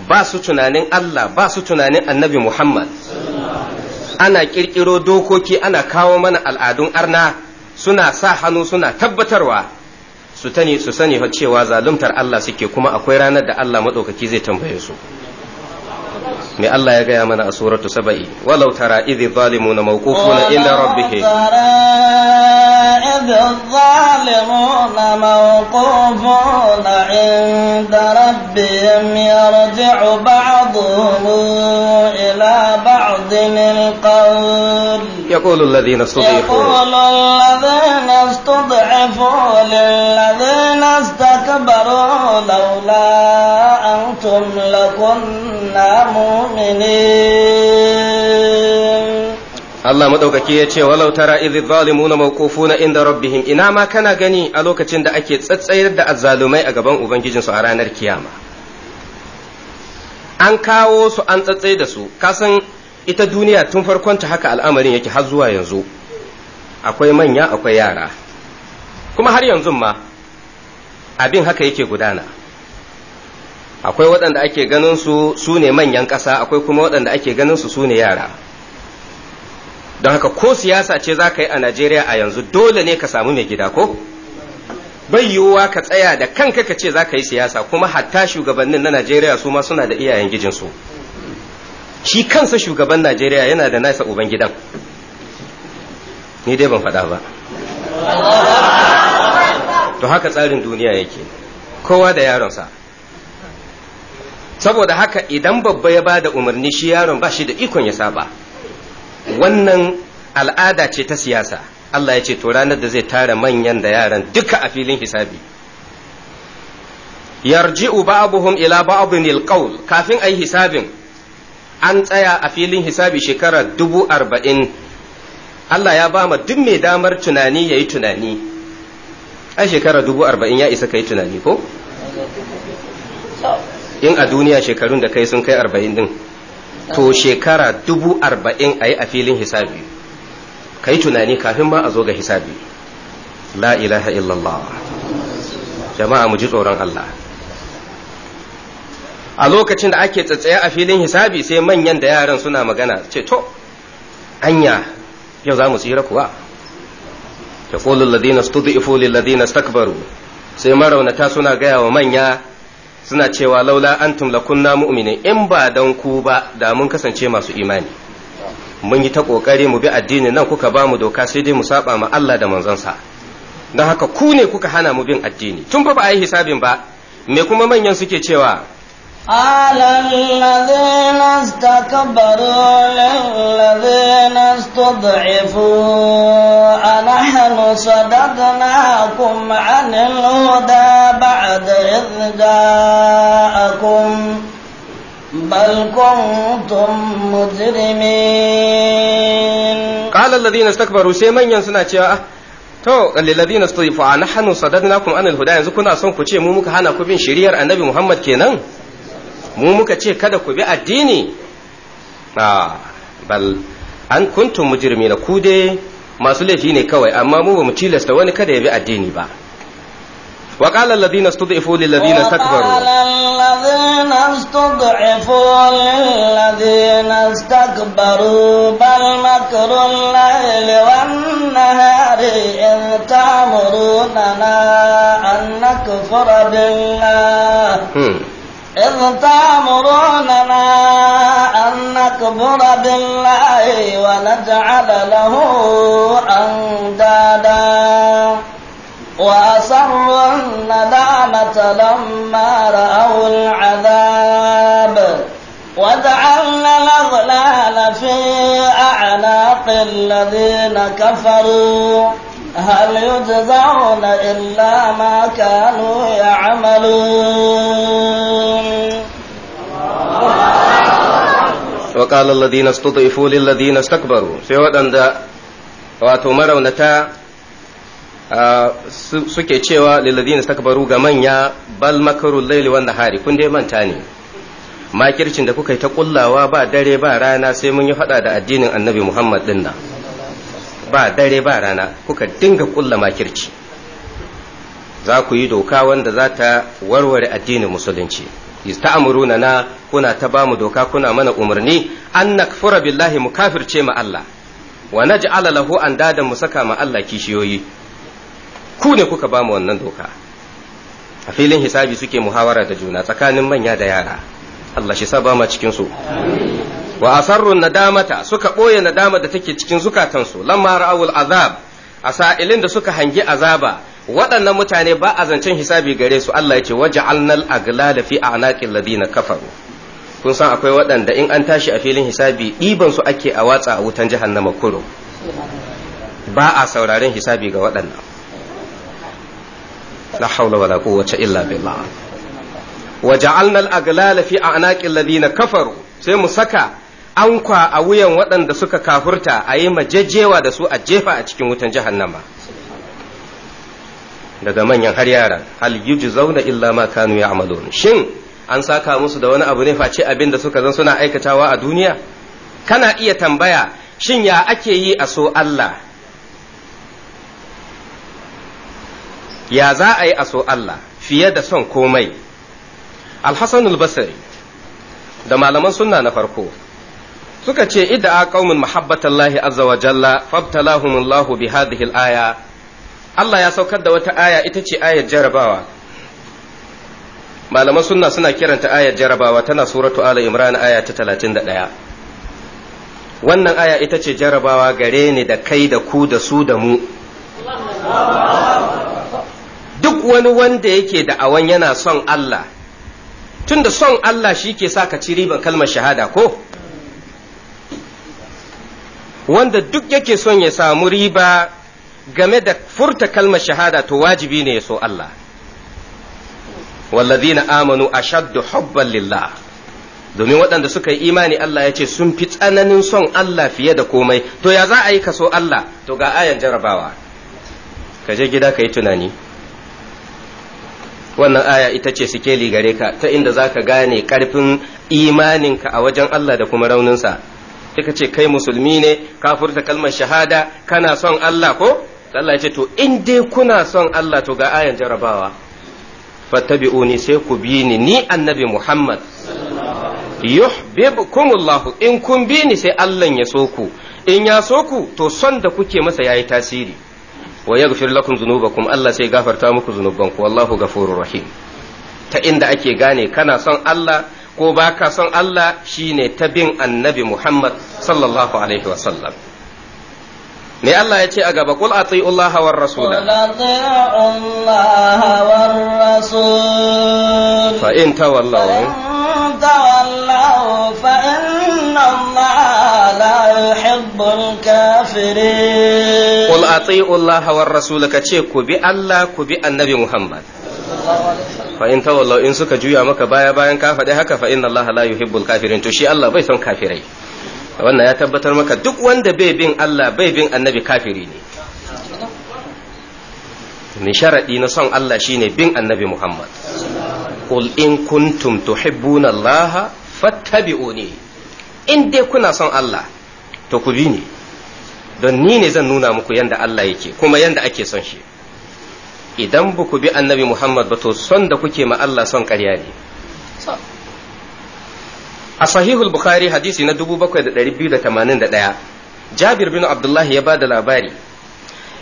ba su tunanin allah ba su tunanin annabi muhammad ana ƙirƙiro dokoki ana kawo mana al'adun arna suna sa hannu suna tabbatarwa su tani sani cewa zaluntar Allah suke kuma akwai ranar da Allah maɗaukaki zai tambaye su mai Allah ya gaya mana a suratu saba'i walau tara idhi zalimuna mawqufuna inda rabbihim idh zalimuna mawqufuna inda rabbihim yarji'u ba'dhum ila ba'dhin alqawl yaqulu alladhina istudhifu yaqulu alladhina istudhifu lilladhina istakbaru lawla antum lakunna Allah maɗaukaki ya ce walau tara na zalimuna mawqufuna inda rabbihim ina ma kana gani a lokacin da ake tsatsayar da azzalumai a gaban ubangijinsu a ranar kiyama an kawo su an tsatsai da su kasan ita duniya tun farkon ta haka al'amarin yake har zuwa yanzu akwai manya akwai yara kuma har yanzu ma abin haka yake gudana akwai waɗanda ake ganin su su ne manyan ƙasa akwai kuma waɗanda ake ganin su su ne yara don haka ko siyasa ce za ka yi a najeriya a yanzu dole ne ka samu mai gida ko bai yiwuwa ka tsaya da kanka ka ce za ka yi siyasa kuma hatta shugabannin na najeriya su ma suna da iyayen gijinsu shi kansa shugaban najeriya yana da nasa uban gidan ni dai ban faɗa ba to haka tsarin duniya yake kowa da yaronsa saboda haka idan babba ya bada umarni shi yaron ba shi da ikon ya saba wannan al'ada ce ta siyasa Allah ya ce to ranar da zai tara manyan da yaran duka a filin hisabi yarji'u ba'dhum ila ba'dhin alqawl kafin ayi hisabin an tsaya a filin hisabi shekara dubu arba'in Allah ya ba duk mai damar tunani ya yi tunani ai shekara dubu arba'in ya isa ka yi tunani ko in a duniya shekarun da kai sun kai arba'in din to shekara dubu arba'in a yi a filin hisabi ka yi tunani kafin ma a zo ga hisabi la ilaha illallah jama'a mu ji tsoron Allah a lokacin da ake tsatsaye a filin hisabi sai manyan da yaran suna magana ce to anya yau za mu tsira kuwa ya ƙolin ladina studu ifo ladina stakbaru sai maraunata suna gaya wa manya suna cewa laula antum lakunna mu'minin in ba dan ku ba da mun kasance masu imani mun yi ta kokari mu bi addinin nan kuka ba mu doka sai dai mu saba ma Allah da manzansa don haka ku ne kuka hana mu bin addini tun ba ba a yi hisabin ba me kuma manyan suke cewa على الذين استكبروا للذين استضعفوا أنحن صددناكم عن الهدى بعد إذ جاءكم بل كنتم مجرمين قال الذين استكبروا سيمن ينسنا To, lillazina na na hannu kuma anil huda yanzu kuna son ku ce mu muka hana ku bin shiriyar annabi Muhammad kenan? mu muka ce kada ku bi addini a bal an kuntum na ku dai masu laifi ne kawai amma mu ba mu tilasta wani kada ya bi addini ba وقال الذين استضعفوا للذين استكبروا وقال الذين استضعفوا للذين استكبروا بل مكر الليل والنهار in تأمروننا أن نكفر بالله إذ تأمروننا أن نكفر بالله ونجعل له أندادا وأسروا الندامة لما رأوا العذاب وجعلنا الأغلال في أعناق الذين كفروا هل يجزعون إلا ما كانوا يعملون وقال الذين استضعفوا للذين استكبروا سوى أن wato maraunata suke cewa lilladina stakbaru ga manya bal Makarun laili wan nahari kun dai manta ne makircin da kuka yi ta kullawa ba dare ba rana sai mun yi fada da addinin annabi Muhammad din nan ba dare ba rana kuka dinga kulla makirci za ku yi doka wanda za ta warware addinin musulunci yasta'muruna na kuna ta bamu doka kuna mana umarni an nakfura billahi mu kafirce ma Allah wa naj'ala lahu andadan mu saka ma Allah kishiyoyi ku ne kuka bamu wannan doka a filin hisabi suke muhawara da juna tsakanin manya da yara Allah shi sa ba ma cikin su wa asarru nadamata suka boye nadama da take cikin zukatansu lamma ra'awul azab a sa'ilin da suka hangi azaba waɗannan mutane ba a zancen hisabi gare su Allah ya ce waja'alnal aglala fi a'naqil ladina kafaru kun san akwai waɗanda in an tashi a filin hisabi ɗiban su ake a watsa a wutan jahannama kurum ba a sauraren hisabi ga waɗannan la hawla wala quwwata illa billah wa ja'alna al-aglala fi a'naqi Ladina kafaru sai mu saka ankwa a wuyan waɗanda suka kafurta ayi majejjewa da su a jefa a cikin wutan jahannama daga manyan har yaran hal yujzauna illa ma kanu ya'malun shin an saka musu da wani abu ne face abin da suka zan suna aikatawa a duniya kana iya tambaya shin ya ake yi a so Allah ya za a yi a so Allah fiye da son komai alhassan البصري da malaman sunna na farko suka ce idda a qaumin muhabbatallahi azza wa jalla Allah bi hadhihi al-aya Allah ya saukar da wata aya ita ce ayar jarabawa malaman sunna suna kiranta ayar jarabawa tana suratu ala imran aya ta 31 wannan aya ita ce jarabawa gare ni da kai da ku da su da mu duk wani wanda yake da awan yana son Allah Tun da son Allah shi ke sa ka ci riban kalmar shahada ko wanda duk yake son ya samu riba game da furta kalmar shahada to wajibi ne ya so Allah wallazina amanu a ashaddu hubban lillah domin waɗanda suka yi imani Allah ya ce sun fi tsananin son Allah fiye da komai to ya za a yi ka so Allah to ga ayan jarabawa ka je gida ka yi tunani wannan aya ita ce sikeli gare ka ta inda za ka gane karfin imaninka a wajen Allah da kuma rauninsa kika ce kai musulmi ne ka furta kalmar shahada kana son Allah ko Allah ya ce to in dai kuna son Allah to ga ayan jarabawa ne sai ku bi ni ni annabi Muhammad yuhibbukumullahu in kun bi ni sai Allah ya so ku in ya so ku to son da kuke masa yayi tasiri wa ya yaghfir lakum dhunubakum Allah sai gafarta muku zunubanku wallahu ghafurur rahim ta inda ake gane kana son Allah ko baka son Allah shine ta bin annabi Muhammad sallallahu alaihi wasallam me Allah ya ce a gaba kul ati Allah war rasul fa in tawallaw fa in إن الله لا يحب الكافرين قل أطيعوا الله والرسول كتشيكوا بألا كبي النبي محمد fa'in tawallau in suka juya maka baya bayan ka faɗi haka fa'in Allah la yuhibbul kafirin to shi Allah bai son kafirai wannan ya tabbatar maka duk wanda bai bin Allah bai bin annabi kafiri ne mai sharaɗi na son Allah shine bin annabi Muhammad qul in kuntum tuhibbuna Allah fattabi'uni in dai kuna son Allah to ku bi ni don ni ne zan nuna muku yadda Allah yake kuma yanda ake son shi idan ba ku bi annabi Muhammad ba to son da kuke ma Allah son ƙarya ne a sahihul bukhari hadisi na 7281 jabir bin abdullahi ya ba da labari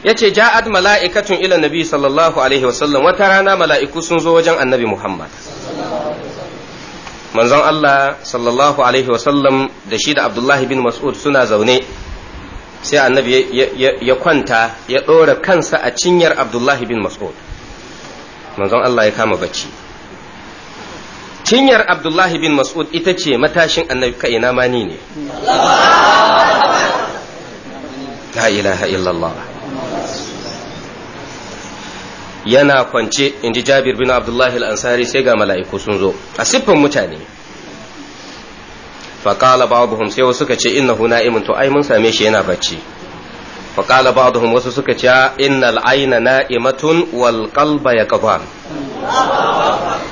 ya ce ja'ad mala'ikatun ila nabi sallallahu alaihi wasallam wata rana mala'iku sun zo wajen annabi Muhammad manzon Allah sallallahu alaihi wasallam da shi da Abdullahi bin Mas'ud suna zaune sai annabi ya kwanta ya ɗora kansa a cinyar Abdullahi bin Mas'ud manzon Allah ya kama bacci cinyar Abdullahi bin Mas'ud ita ce matashin annabi ka ina mani ne la ilaha illallah yana kwance in ji jabir bin abdullahi al-ansari sai ga mala'iku sun zo a siffan mutane faƙala ba'dhum sai wasu suka ce innahu na'imun to ai mun same shi yana bacci faƙala ba'dhum wasu suka ce innal ayna na'imatun wal qalba yaqban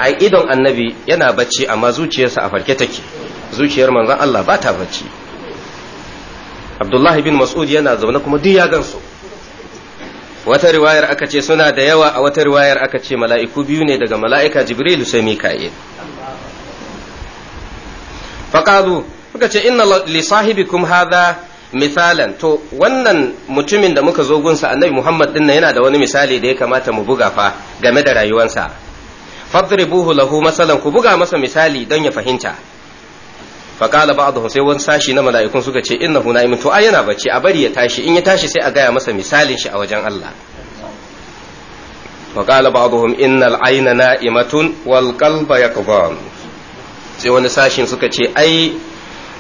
ai idon annabi yana bacci amma zuciyarsa a farke take zuciyar manzon Allah ba ta bacci Abdullahi bin Mas'ud yana zaune kuma duk ya gansu wata riwayar aka ce suna da yawa a wata riwayar aka ce mala'iku biyu ne daga mala'ika jibrilu sai mika'il faƙalu suka ce inna li sahibikum hadha misalan to wannan mutumin da muka zo gunsa annabi muhammad din yana da wani misali da ya kamata mu buga fa game da rayuwansa fadribuhu lahu masalan ku buga masa misali don ya fahimta faqala ba'dhu sai wani sashi na mala'ikun suka ce innahu na'imun to ai yana bacci a bari ya tashi in ya tashi sai a gaya masa misalin shi a wajen Allah faqala ba'dhum innal ayna na'imatun wal qalba yaqban sai wani sashin suka ce ai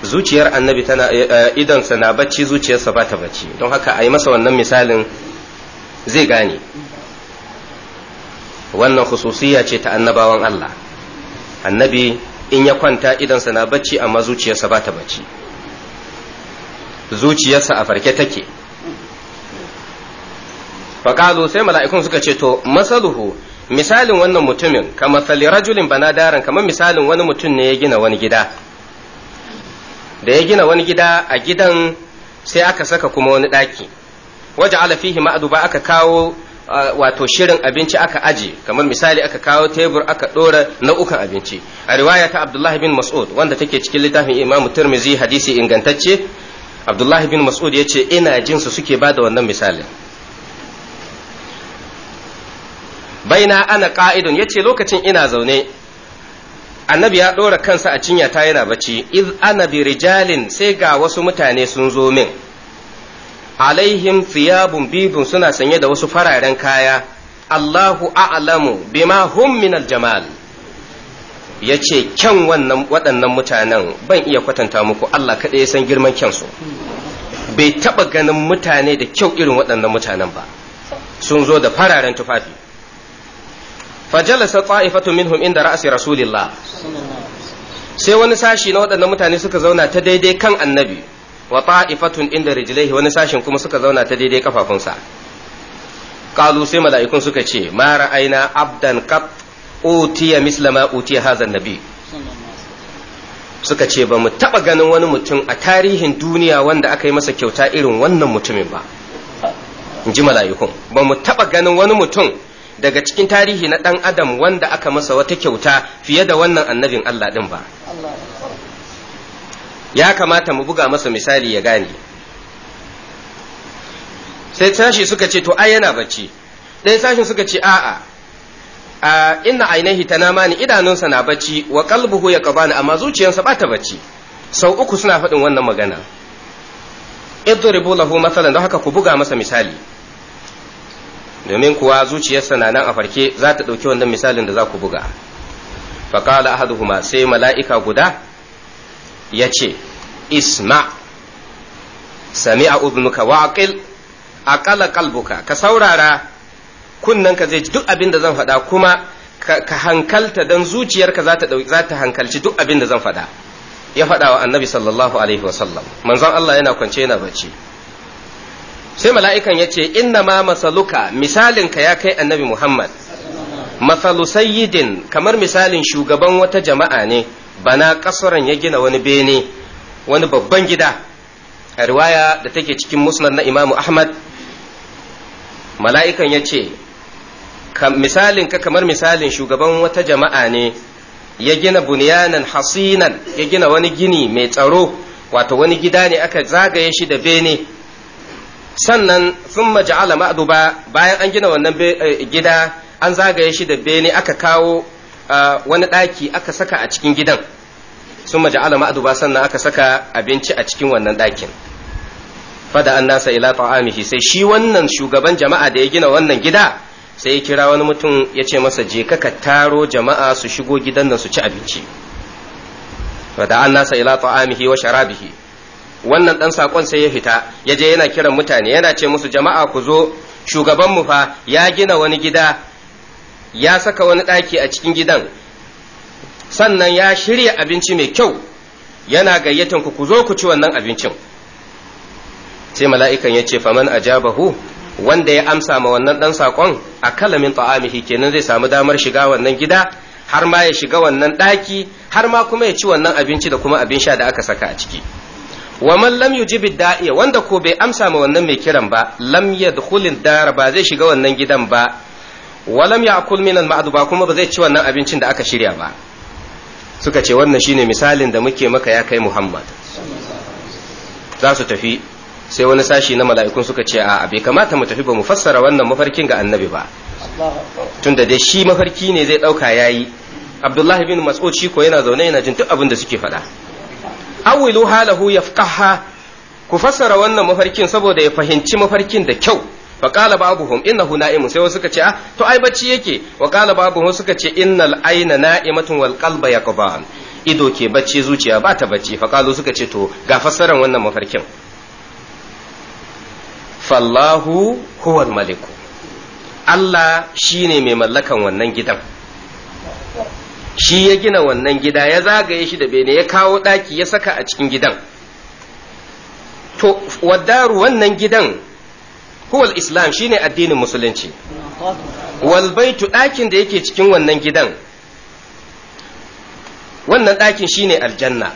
zuciyar annabi tana idansa na bacci zuciyarsa ba ta bacci don haka ai masa wannan misalin zai gane wannan khususiya ce ta annabawan Allah annabi in ya kwanta idansa na bacci amma zuciyarsa ba ta bacci zuciyarsa a farke take faƙalu sai mala'ikun suka ce to masaluhu misalin wannan mutumin kama masali rajulin bana daren kamar misalin wani mutum ne ya gina wani gida da ya gina wani gida a gidan sai aka saka kuma wani ɗaki waje alafihi ba aka kawo wato shirin abinci aka aje kamar misali aka kawo tebur aka dora nau'ukan abinci a riwaya ta abdullahi bin mas'ud wanda take cikin littafin imamu tirmizi hadisi ingantacce abdullahi bin mas'ud ya ce ina jin su suke bada wannan misalin baina ana ka'idun ya ce lokacin ina zaune annabi ya dora kansa a cinya ta yana bacci iz ana bi rijalin sai ga wasu mutane sun zo min alaihim fiyabun bidun suna sanye da wasu fararen kaya Allahu a'lamu bima hum min aljamal ya ce kyan wannan waɗannan mutanen ban iya kwatanta muku Allah kaɗai ya san girman kyansu bai taɓa ganin mutane da kyau irin waɗannan mutanen ba sun zo da fararen tufafi fajalasa ta'ifatu minhum inda ra'asi rasulillah sai wani sashi na waɗannan mutane suka zauna ta daidai kan annabi wa ta'ifatun inda rijlaihi wani sashin kuma suka zauna ta daidai kafafunsa qalu sai mala'ikun suka ce ma ra'aina abdan qat utiya misla ma utiya hadha nabi suka ce ba mu taba ganin wani mutum a tarihin duniya wanda aka yi masa kyauta irin wannan mutumin ba in ji mala'ikun ba mu taba ganin wani mutum daga cikin tarihi na ɗan adam wanda aka masa wata kyauta fiye da wannan annabin Allah ɗin ba ya kamata mu buga masa misali ya gane sai tashi suka ce to ai yana bacci ɗaya sashin suka ce a'a a inna ainihi ta nama ni idanunsa na bacci wa kalbuhu ya ni amma zuciyarsa ba ta bacci sau uku suna faɗin wannan magana idribu lahu masalan da haka ku buga masa misali domin kuwa zuciyarsa na nan a farke za ta ɗauki wannan misalin da za ku buga faƙala ahaduhuma sai mala'ika guda ya ce isma sami a ubinuka wa aqil aqala ƙalbuka, ka saurara kunnanka zai ji duk abin da zan faɗa kuma ka hankalta don zuciyarka za ta hankalci duk abin da zan faɗa ya faɗa wa annabi sallallahu alaihi wasallam manzon Allah yana kwance yana bacci sai mala'ikan ya ce inna ma masaluka misalinka ya kai annabi Muhammad masalu sayyidin kamar misalin shugaban wata jama'a ne bana kasaran ya gina wani bene wani babban gida a riwaya da take cikin musnad na imamu ahmad mala'ikan ya ce misalin ka kamar misalin shugaban wata jama'a ne ya gina bunyanan hasinan ya gina wani gini mai tsaro wato wani gida ne aka zagaye shi da bene sannan sun maja'ala ma'aduba bayan an gina wannan eh, gida an zagaye shi da bene aka kawo wani ɗaki aka saka a cikin gidan sun maja'ala ma'aduba sannan aka saka abinci a cikin wannan ɗakin fada an nasa ila ta'amihi sai shi wannan shugaban jama'a da ya gina wannan gida sai ya kira wani mutum ya ce masa je ka taro jama'a su shigo gidan nan su ci abinci fada an nasa ila ta'amihi wa sharabihi wannan dan sakon sai ya fita ya je yana kiran mutane yana ce musu jama'a ku zo shugaban mu fa ya gina wani gida ya saka wani ɗaki a cikin gidan sannan ya shirya abinci mai kyau yana gayyatan ku ku zo ku ci wannan abincin sai mala'ikan ya ce faman ajabahu wanda ya amsa ma wannan ɗan saƙon a kalamin ta'amihi kenan zai samu damar shiga wannan gida har ma ya shiga wannan ɗaki har ma kuma ya ci wannan abinci da kuma abin sha da aka saka a ciki wa man lam yujibi da'iya wanda ko bai amsa ma wannan mai kiran ba lam yadkhulin dar ba zai shiga wannan gidan ba walam ya akul minan ma'adu ba kuma ba zai ci wannan abincin da aka shirya ba suka ce wannan shine misalin da muke maka ya kai muhammad za su tafi sai wani sashi na mala'ikun suka ce a bai kamata mu tafi ba mu fassara wannan mafarkin ga annabi ba tunda da shi mafarki ne zai ɗauka ya yi. abdullahi bin mas'ud shi ko yana zaune yana jin duk abin da suke faɗa awilu halahu yafqaha ku fassara wannan mafarkin saboda ya fahimci mafarkin da kyau fa qala innahu na'imun sai wasu suka ce ah to ai bacci yake wa qala ba'dhum suka ce innal ayna na'imatun wal qalba yaqban ido ke bacci zuciya ba ta bacci fa suka ce to ga fassarar wannan mafarkin fallahu huwal maliku Allah shine mai mallakan wannan gidan shi ya gina wannan gida ya zagaye shi da bene ya kawo daki ya saka a cikin gidan to wadaru wannan gidan huwal islam shine addinin musulunci wal baitu ɗakin da yake cikin wannan gidan wannan ɗakin shine aljanna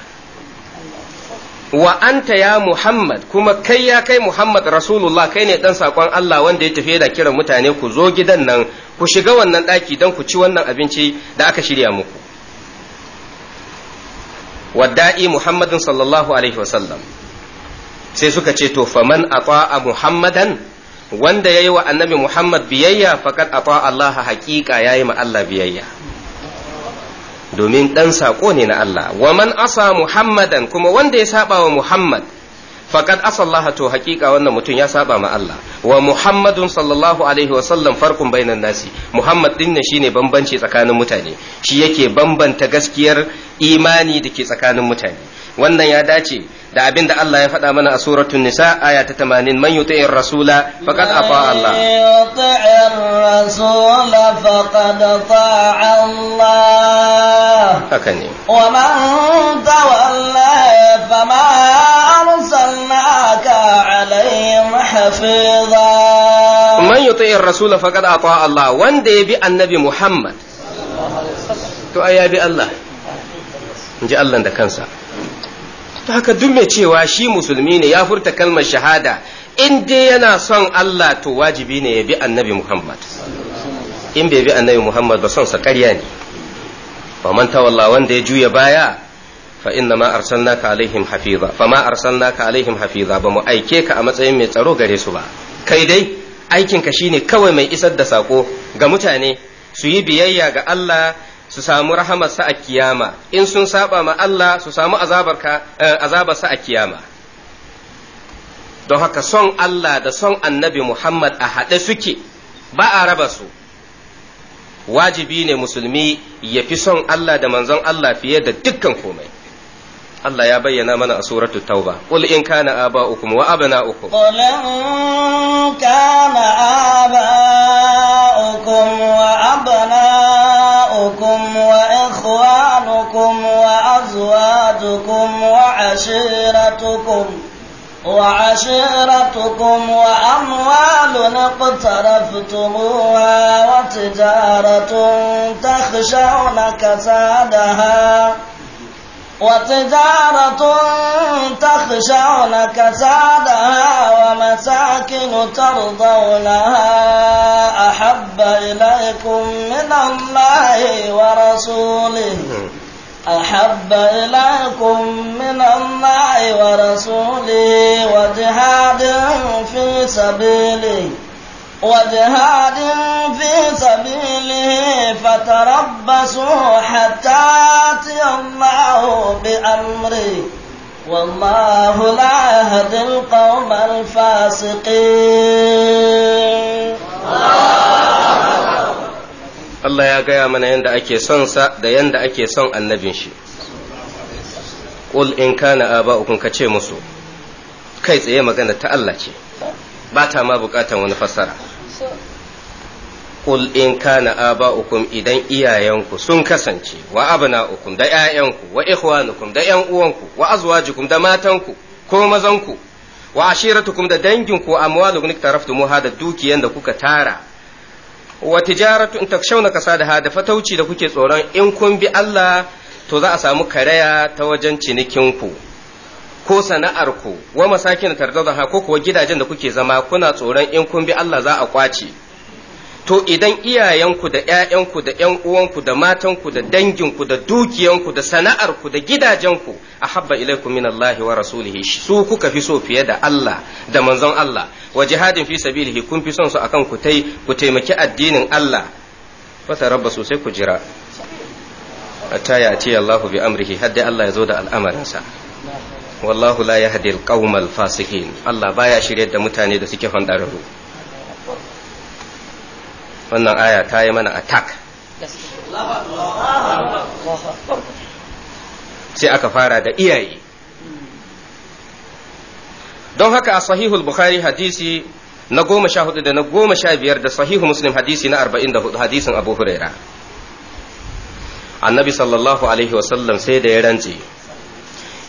wa anta ya Muhammad kuma kai ya kai Muhammad Rasulullah kai ne dan sakon Allah wanda ya tafi da kiran mutane ku zo gidan nan ku shiga wannan ɗaki don ku ci wannan abinci da aka shirya muku wadda'i Muhammadin sallallahu alaihi wasallam sai suka ce to faman ata'a Muhammadan wanda yayi wa annabi Muhammad biyayya faqad ata Allah haqiqa yayi ma Allah biyayya domin ɗan sako ne na Allah wa man asa Muhammadan kuma wanda ya saba wa Muhammad faqad asa Allah to haqiqa wannan mutum ya saba ma Allah wa Muhammadun sallallahu alaihi wa sallam farkun bainan nasi Muhammad din ne shine bambanci tsakanin mutane shi yake bambanta gaskiyar imani da ke tsakanin mutane wannan ya dace da abin da Allah ya faɗa mana a suratul nisa aya ta tamanin man yuti'ir rasula faqad afa Allah yuti'ir rasula faqad ta'a Allah haka ne wa man tawalla fama arsalnaka alaihim hafiza man yuti'ir rasula faqad afa Allah wanda ya bi annabi Muhammad to ai ya bi Allah in ji Allah da kansa ta haka duk mai cewa shi musulmi ne ya furta kalmar shahada in dai yana son Allah to wajibi ne ya bi annabi Muhammad in bai bi annabi Muhammad ba son sa ƙarya ne fa man tawalla wanda ya juya baya fa inna ma arsalnaka alaihim hafiza fa ma arsalnaka alaihim hafiza ba mu aike ka a matsayin mai tsaro gare su ba kai dai aikin ka shine kawai mai isar da sako ga mutane su yi biyayya ga Allah su samu rahamarsa a kiyama in sun saba ma Allah su samu eh, azabarsa a kiyama don haka son Allah da son annabi Muhammad a haɗe suke ba a raba su wajibi ne musulmi ya fi son Allah da manzon Allah fiye da dukkan komai Allah ya bayyana mana a suratul tauba qul in kana aba'ukum wa abna'ukum qul in kana aba'ukum wa abna'ukum أبناؤكم وإخوانكم وأزواجكم وعشيرتكم وعشيرتكم وأموال اقترفتموها وتجارة تخشون كسادها وتجارة تخشون كسادها ومساكن ترضونها أحب إليكم من الله ورسوله أحب إليكم من الله ورسوله وجهاد في سبيله وجهاد في سبيله فتربصوا حتى يأتي الله بأمره والله لا يهدي القوم الفاسقين Allah ya gaya mana yadda ake son sa da yadda ake son annabin shi. Qul in kana ka kace musu kai tsaye magana ta Allah ce. ba ta ma bukatan wani fassara Kul in kana aba'ukum idan iyayenku sun kasance wa abna'ukum da ƴaƴanku wa ikhwanukum da ƴan uwanku wa azwajukum da matanku ko mazanku wa ashiratukum da danginku amwalukum taraftumuha da dukiyan da kuka tara wa tijaratun takshawna kasa da fatauci da kuke tsoron in kun bi Allah to za a samu karaya ta wajen cinikinku ko sana'arku wa masakin tardadaha ko kuwa gidajen da kuke zama kuna tsoron in kun bi Allah za a kwace to idan iyayenku da ‘ya'yanku da ‘yan uwanku da matanku da danginku da dukiyanku da sana'arku da gidajenku a habba ilaikum minallahi Allah wa rasulihi su kuka fi so fiye da Allah da manzon Allah wa jihadin fi sabilihi kun fi son su akan ku tai ku taimaki addinin Allah fata rabba sosai ku jira ataya ati ce bi amrihi hadda Allah ya zo da al'amarinsa wallahu la hadil al fasikin Allah baya shirye da mutane da suke fandararru wannan aya ta yi mana attack sai aka fara da iyaye don haka a sahihul bukhari hadisi na goma sha hudu da na goma sha biyar da sahihu muslim hadisi na arba'in da hudu hadisin abu huraira annabi sallallahu alaihi wasallam sai da ya rance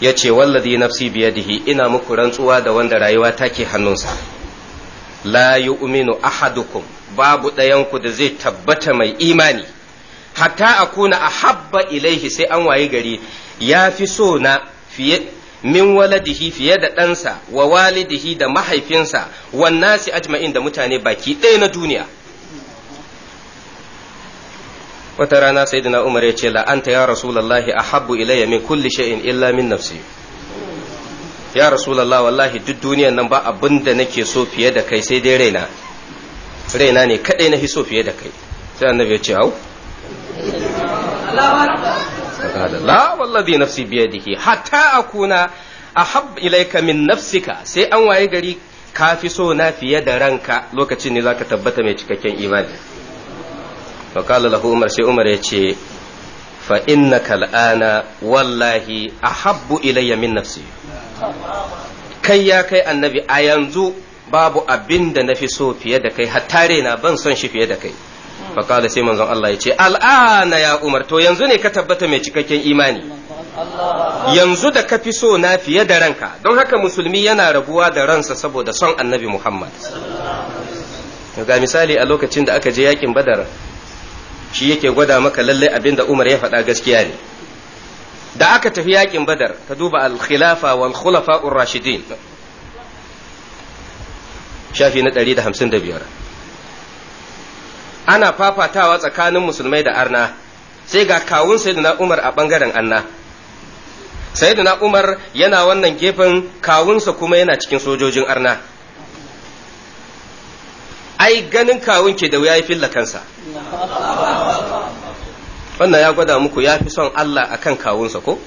ya ce wallazi nafsi biyadihi ina muku rantsuwa da wanda rayuwa take hannunsa la yu'minu ahadukum babu ɗayanku da zai tabbata mai imani hatta akuna ahabba ilaihi sai an wayi gari ya fi so na fiye min waladihi fiye da ɗansa wa walidihi da mahaifinsa wannasi ajma'in da mutane baki ɗaya na duniya wata rana sayyidina umar ya ce la'anta ya rasulullahi ahabbu ilayya min kulli shay'in illa min nafsi ya rasulullah wallahi duk duniyan nan ba abin da nake so fiye da kai sai dai raina raina ne kadai na so fiye da kai sai annabi ya ce au la wallahi nafsi biyadihi hatta akuna ahab ilayka min nafsika sai an waye gari ka fi so na fiye da ranka lokacin ne zaka tabbata mai cikakken imani faƙala lahu umar sai umar ya ce fa inna kal'ana wallahi a habbu ilayya min nafsi kai ya kai annabi a yanzu babu abin da na fi so fiye da kai hatta na ban son shi fiye da kai faƙala sai manzon Allah ya ce al'ana ya umar to yanzu ne ka tabbata mai cikakken imani yanzu da ka fi so na fiye da ranka don haka musulmi yana rabuwa da ransa saboda son annabi muhammad ga misali a lokacin da aka je yakin badar shi yake gwada maka lallai abin da Umar ya faɗa gaskiya ne da aka tafi yakin Badar ta duba al-khilafa wal khulafa rashidin shafi na 155 ana fafatawa tsakanin musulmai da arna sai ga kawun sayyidina Umar a bangaren anna sayyidina Umar yana wannan gefen kawunsa kuma yana cikin sojojin arna ai ganin kawun ke da wuya ya filla kansa wannan ya gwada muku ya fi son Allah kan kawunsa ko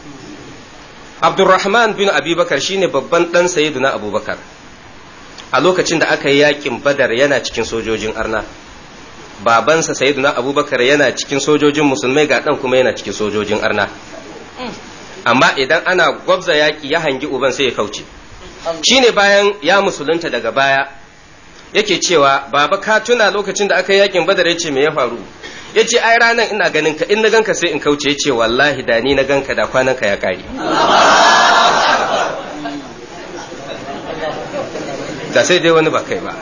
Abdurrahman bin Abubakar shi ne babban ɗan Sayidu na Abubakar a lokacin da aka yi yakin Badar yana cikin sojojin arna babansa na Abubakar yana cikin sojojin musulmai ga ɗan kuma yana cikin sojojin arna amma idan ana gwabza yaƙi ya hangi uban sai ya kauce Shi ne bayan ya musulunta daga baya yake cewa baba ka tuna lokacin da aka yakin badar yace me ya faru Ya ce ai ranar ina ganin ka in na ganka sai in kauce ya ce wallahi da ni na ganka da kwanan ka ya kare da sai dai wani ba kai ba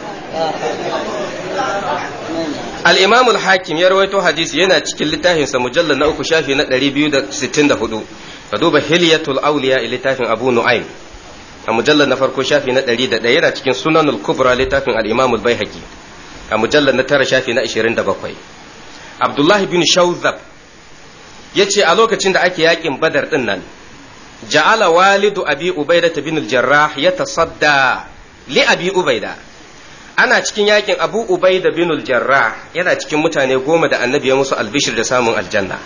al-imam al-hakim ya rawaito hadisi yana cikin littafinsa mujallal na uku shafi na 264 ka duba hilyatul awliya littafin abu nu'aym a mujallar na farko shafi na ɗaya yana cikin sunanul kubra littafin al-imam al a mujallar na tara shafi na 27 abdullahi bin shawzab yace a lokacin da ake yakin badar din nan ja'ala walidu abi ubaida bin al-jarrah yatasadda li abi ubaida ana cikin yaƙin abu ubaida bin al yana cikin mutane goma da annabi ya musu albishir da samun aljanna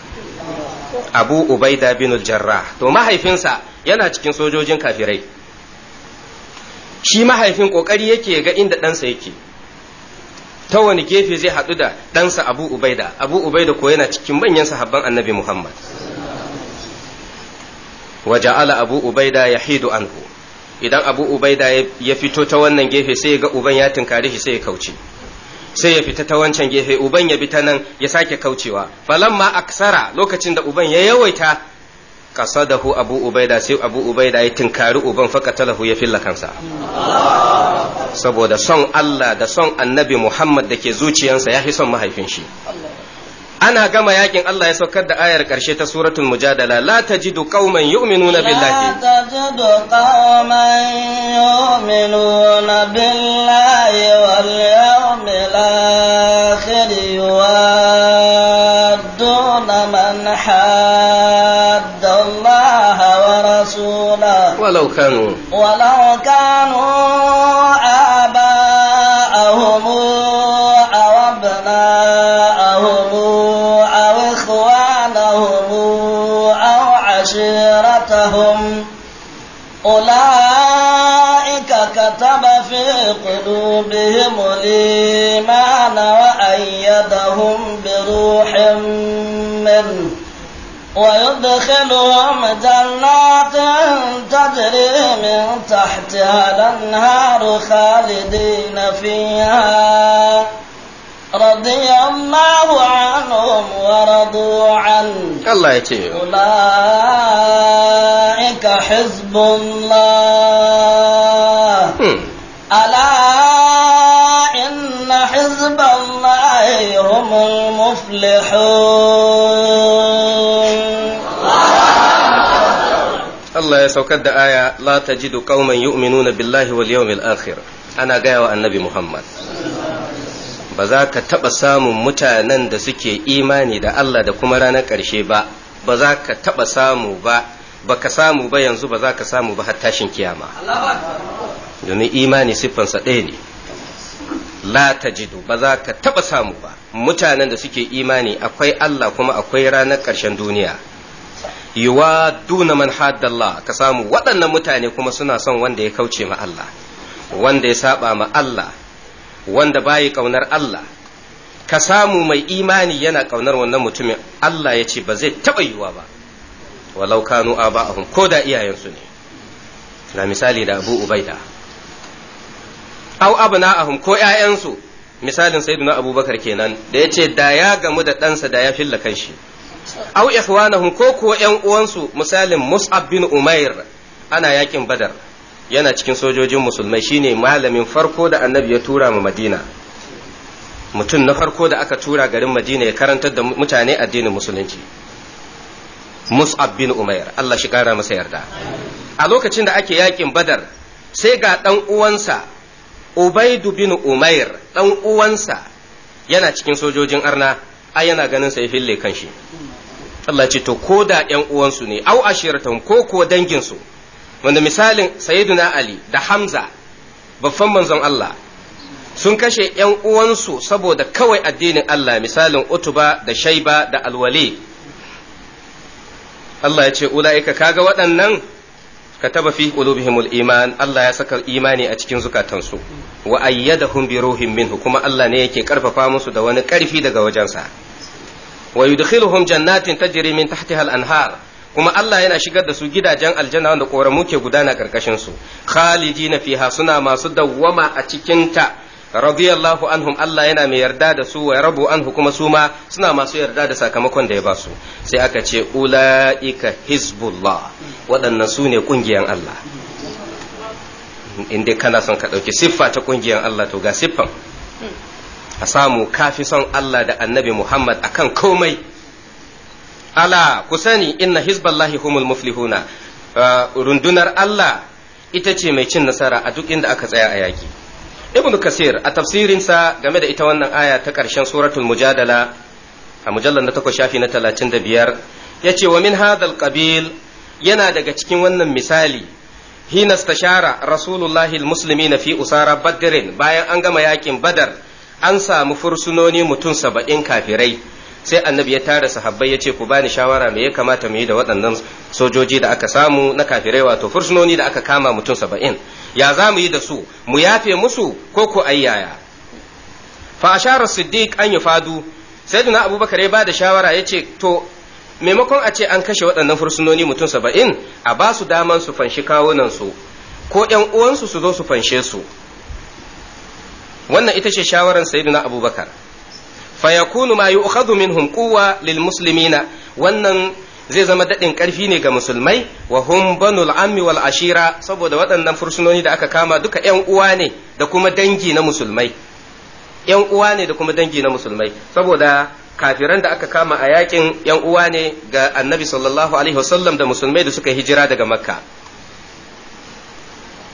abu ubaida bin al to mahaifinsa yana cikin sojojin kafirai shi mahaifin kokari yake ga inda ɗansa yake ta wani gefe zai haɗu da ɗansa abu ubaida abu ubaida ko yana cikin manyan sahabban annabi muhammad wa ja'ala abu ubaida ya hidu anhu idan abu ubaida ya fito ta wannan gefe sai ya ga uban ya tunkari shi sai ya kauce sai ya fita ta wancan gefe uban ya bi ta nan ya sake kaucewa falamma aksara lokacin da uban ya yawaita Kasadahu abu ubaida sai abu ubaida ya tinkari uban talahu ya filla kansa saboda son Allah da son annabi Muhammad da ke zuciyarsa ya fi son mahaifin shi ana gama yakin Allah ya saukar da ayar karshe ta suratul mujadala la tajidu qauman yu'minuna billahi la tajidu qauman yu'minuna billahi wal yawmil akhir yuwadduna man hadda Allah wa rasulahu walau kanu walau kanu aba'ahum يمددهم بروح منه ويدخلهم جنات تجري من تحتها الانهار خالدين فيها رضي الله عنهم ورضوا عنه الله أولئك حزب الله ألا إن حزب الله هم المفلحون الله يسوك الدعاية لا تجد قوما يؤمنون بالله واليوم الآخر أنا جاي النبي محمد ba za ka taɓa samun mutanen da suke imani da Allah da kuma ranar ƙarshe ba, ba za ka taɓa samu ba, ba ka samu ba yanzu ba za ka samu ba har tashin kiyama. domin imani siffansa ɗaya ne la tajidu ba za ka taɓa samu ba mutanen da suke imani akwai Allah kuma akwai ranar ƙarshen duniya yiwa duna man haddallah ka samu waɗannan mutane kuma suna son wanda ya kauce ma Allah wanda ya saba ma Allah wanda bayi ƙaunar Allah ka samu mai imani yana ƙaunar wannan mutumin Allah ya ce ba zai taɓa yiwa ba walau kanu ba ko da iyayensu ne na misali da Abu Ubaida aw abna'ahum ko ƴaƴansu misalin sayyidina abubakar kenan da yace da ya gamu da ɗansa da ya filla kanshi aw ikhwanahum ko yan ƴan uwansu misalin mus'ab bin umair ana yakin badar yana cikin sojojin musulmai shine malamin farko da annabi ya tura mu madina mutum na farko da aka tura garin madina ya karantar da mutane addinin musulunci mus'ab bin umair Allah shi kara masa yarda a lokacin da ake yakin badar sai ga ɗan uwansa Ubaidu bin Umair ɗan uwansa yana cikin sojojin arna a yana ganin sa ya fille kanshi Allah ce to ko da 'yan uwansu ne au ashiratan ko ko dangin su wanda misalin sayyiduna Ali da Hamza babban manzon Allah sun kashe 'yan uwansu saboda kawai addinin Allah misalin Utuba da Shaiba da Alwali Allah ya ce ka kaga waɗannan kataba fi qulubihimul iman Allah ya saka imani a cikin zukatansu wa ayyadahum bi ruhin kuma Allah ne yake karfafa musu da wani karfi daga wajensa wa yudkhiluhum jannatin tajri min tahtiha al-anhar kuma Allah yana shigar da su gidajen aljanna wanda koramu ke gudana karkashin su khalidina fiha suna masu dawwama a cikin ta radiyallahu anhum Allah yana mai yarda da su wa rabu anhu kuma su ma suna masu yarda da sakamakon da ya basu sai aka ce ulaika hizbullah waɗannan su ne kungiyan Allah inda kana son ka ɗauki siffa ta kungiyan Allah to ga siffan a samu kafi son Allah da annabi Muhammad akan komai ala ku sani inna hizballahi humul muflihuna uh, rundunar Allah ita ce mai cin nasara a duk inda aka tsaya a yaki ibnu kasir a tafsirinsa game da ita wannan aya ta ƙarshen suratul mujadala a mujallar na takwas shafi na talatin da biyar ya ce wa min hadal qabil yana daga cikin wannan misali hina stashara rasulullahi musulmi na fi usara badirin bayan an gama yakin badar an samu fursunoni mutum saba'in kafirai sai annabi ya tara sahabbai ya ce ku bani shawara me ya kamata mu yi da waɗannan sojoji da aka samu na kafirai wato fursunoni da aka kama mutum saba'in ya za mu yi da su mu yafe musu ko ku ayyaya fa ashara siddiq an yufadu sayyidina abubakar ya da shawara ya ce to maimakon a ce an kashe waɗannan fursunoni mutum saba'in a ba su daman su fanshi kawunan su ko ƴan uwansu su zo su fanshe su wannan ita ce shawaran sayyidina abubakar Fayakunu yakunu ma yu'khadhu minhum quwwa lil muslimina wannan zai zama daɗin ƙarfi ne ga musulmai wa hum banul ammi wal ashira saboda waɗannan fursunoni da aka kama duka ƴan uwa ne da kuma dangi na musulmai ƴan uwa ne da kuma dangi na musulmai saboda kafiran da aka kama a yakin ƴan uwa ne ga annabi sallallahu alaihi wasallam da musulmai da suka hijira daga makka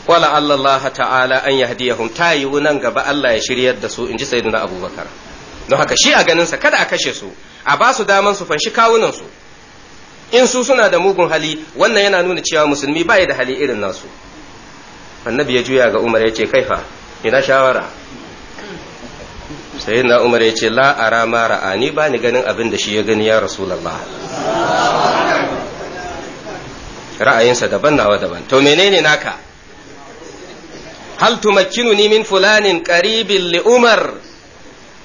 wala Allah ta'ala an yahdiyahum tayi nan gaba Allah ya shiryar da su inji sayyidina abubakar don haka shi a ganinsa kada a kashe su a ba su daman su fanshi kawunansu in su suna da mugun hali wannan yana nuna cewa musulmi ba da hali irin nasu annabi ya juya ga umar ya ce kaifa ina shawara sai na umar ya ce la ra'ani ba ni ganin abin da shi ya gani ya rasulallah ra'ayinsa daban nawa daban to menene naka hal tumakkinu ni min fulanin qaribin li umar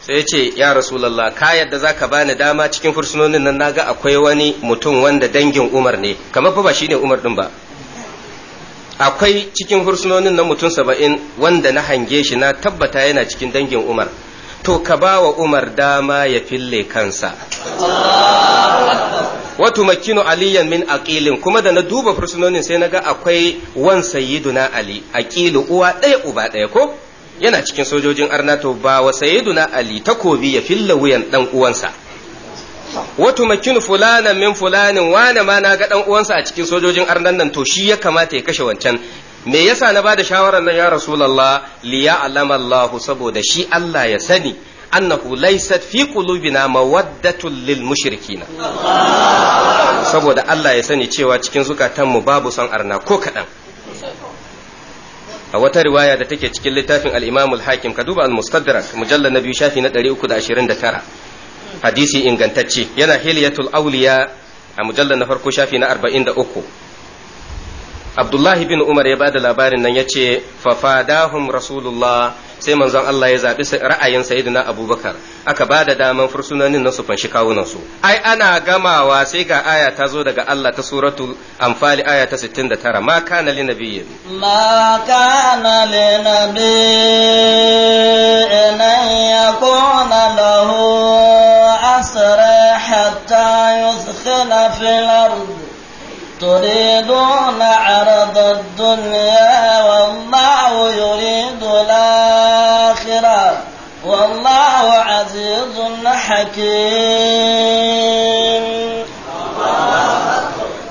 sai ce ya rasulallah ka yadda za ka bani dama cikin fursunonin nan naga akwai wani mutum wanda dangin umar ne kamar fa ba shi ne umar din ba akwai cikin fursunonin nan mutum saba'in wanda na hange shi na tabbata yana cikin dangin umar to ka ba wa umar dama ya fille kansa wato makino aliyan min aqilin kuma da na duba fursunonin sai na ga akwai wan sayyiduna ali aqilu uwa ɗaya uba ɗaya ko yana cikin sojojin arnato ba wa sayyiduna ali takobi ya filla wuyan dan uwansa wato makinu fulana min fulanin wane ma na ga dan uwansa a cikin sojojin arnan nan to shi ya kamata ya kashe wancan me yasa na bada shawarar nan ya rasulullah liya alama allah saboda shi allah ya sani annahu laysat fi qulubina mawaddatun lil mushrikina saboda allah ya sani cewa cikin zukatanmu babu son arna ko kadan a wata riwaya da take cikin littafin al hakim ka duba al-Mustadrak mujallar na biyu shafi na 329 hadisi ingantacce yana hiliyatul auliya a mujallar na farko shafi na 43 abdullahi bin umar ya bada labarin nan ya ce fafadahum rasulullah sai manzon Allah ya zaɓi ra'ayin sayyidina abubakar aka ba da daman fursunanin nan su fanshi kawunan su ai ana gamawa sai ga aya ta zo daga Allah ta suratul anfali aya ta 69 ma kana lin nabiyyi ma kana lin nabiyyi an yakuna lahu asra hatta yuskhina fil ardh تريدون عرض الدنيا والله يريد الآخرة والله عزيز حكيم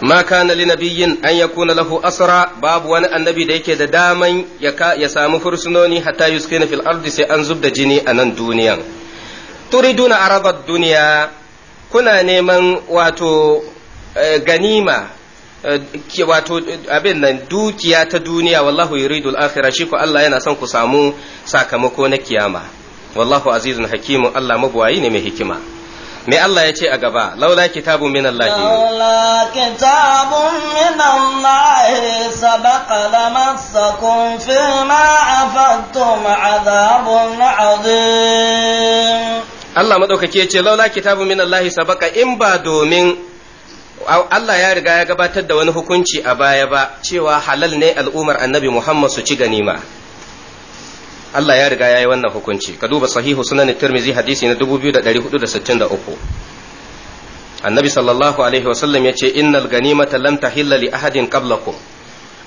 ما كان لنبي أن يكون له أسرى باب وانا النبي ديك دا داما يكا يسامو فرسنوني حتى يسكن في الأرض سيأنزب دا جني أنان دونيا تريدون عرض الدنيا كنا نيمان واتو ganima wato abin nan dukiya ta duniya wallahu yuridu al-akhirah shi ko Allah yana son ku samu sakamako na kiyama wallahu azizun hakimun Allah mabuwayi ne mai hikima me Allah ya ce a gaba laula kitabun min Allah laula kitabun min Allah sabaqa lamassakum fi ma afattum adabun azim Allah madaukake ya ce laula kitabun min Allah sabaqa in ba domin Allah ya riga ya gabatar da wani hukunci a baya ba cewa halal ne al'umar annabi Muhammad su ci ganima. Allah ya riga ya yi wannan hukunci, ka duba sahihu sunan Tirmizi hadisi na 2463. Annabi sallallahu Alaihi wasallam ya ce, Innal ganimata lam tahilla li ahadin qablakum.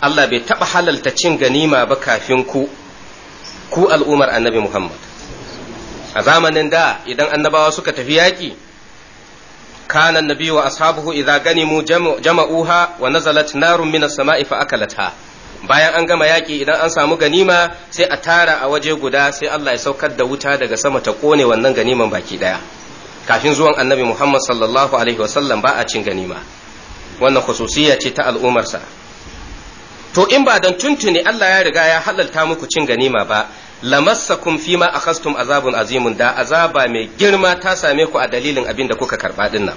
Allah bai taba halalta cin ganima ba kafin ku, ku al'umar annabi Muhammad. A zamanin da idan annabawa suka tafi yaki كان النبي wa ashabuhu غنموا جمعوها jama'uha wa من السماء minas fa bayan an gama yaki idan an samu ganima sai a tara a waje guda sai Allah ya saukar da wuta daga sama ta kone wannan ganiman baki daya kafin zuwan annabi Muhammad sallallahu alaihi wasallam ba a cin ganima wannan khususiyya ce ta al'umarsa to in ba dan tuntuni Allah ya riga ya halalta muku cin ganima ba lamassakum fima akhastum azabun azimun da azaba mai girma ta same ku a dalilin abin da kuka karba din nan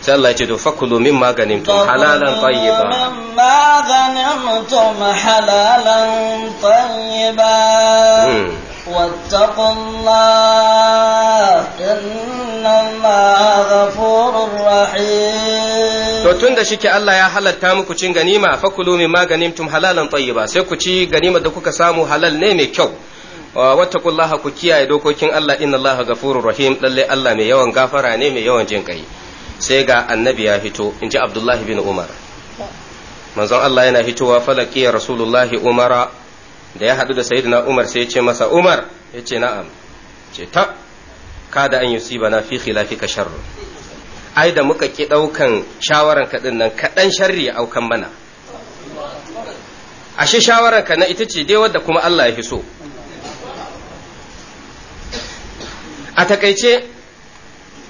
sai Allah ya ce to fakulu min maganin tun halalan tayyiba mimma ganimtum halalan tayyiba واتقوا الله إن الله غفور رحيم to tun da shike Allah ya halatta muku cin ganima fakulu mimma ganimtum halalan tayyiba sai ku ci ganimar da kuka samu halal ne mai kyau kullaha ku kiyaye dokokin Allah inna Allaha ghafurur rahim lalle Allah mai yawan gafara ne mai yawan jin kai sai ga annabi ya fito inji Abdullahi bin Umar manzon Allah yana fitowa falakiya Rasulullahi Umara da ya hadu da sayyidina Umar sai ya ce masa Umar ya ce na'am ce ta kada an yusiba na fi khilafika sharr ai da muka ki ɗaukan shawaran ka din nan kaɗan sharri a aukan mana ashe shawaran ka na ita ce dai wadda kuma Allah ya fi so a takaice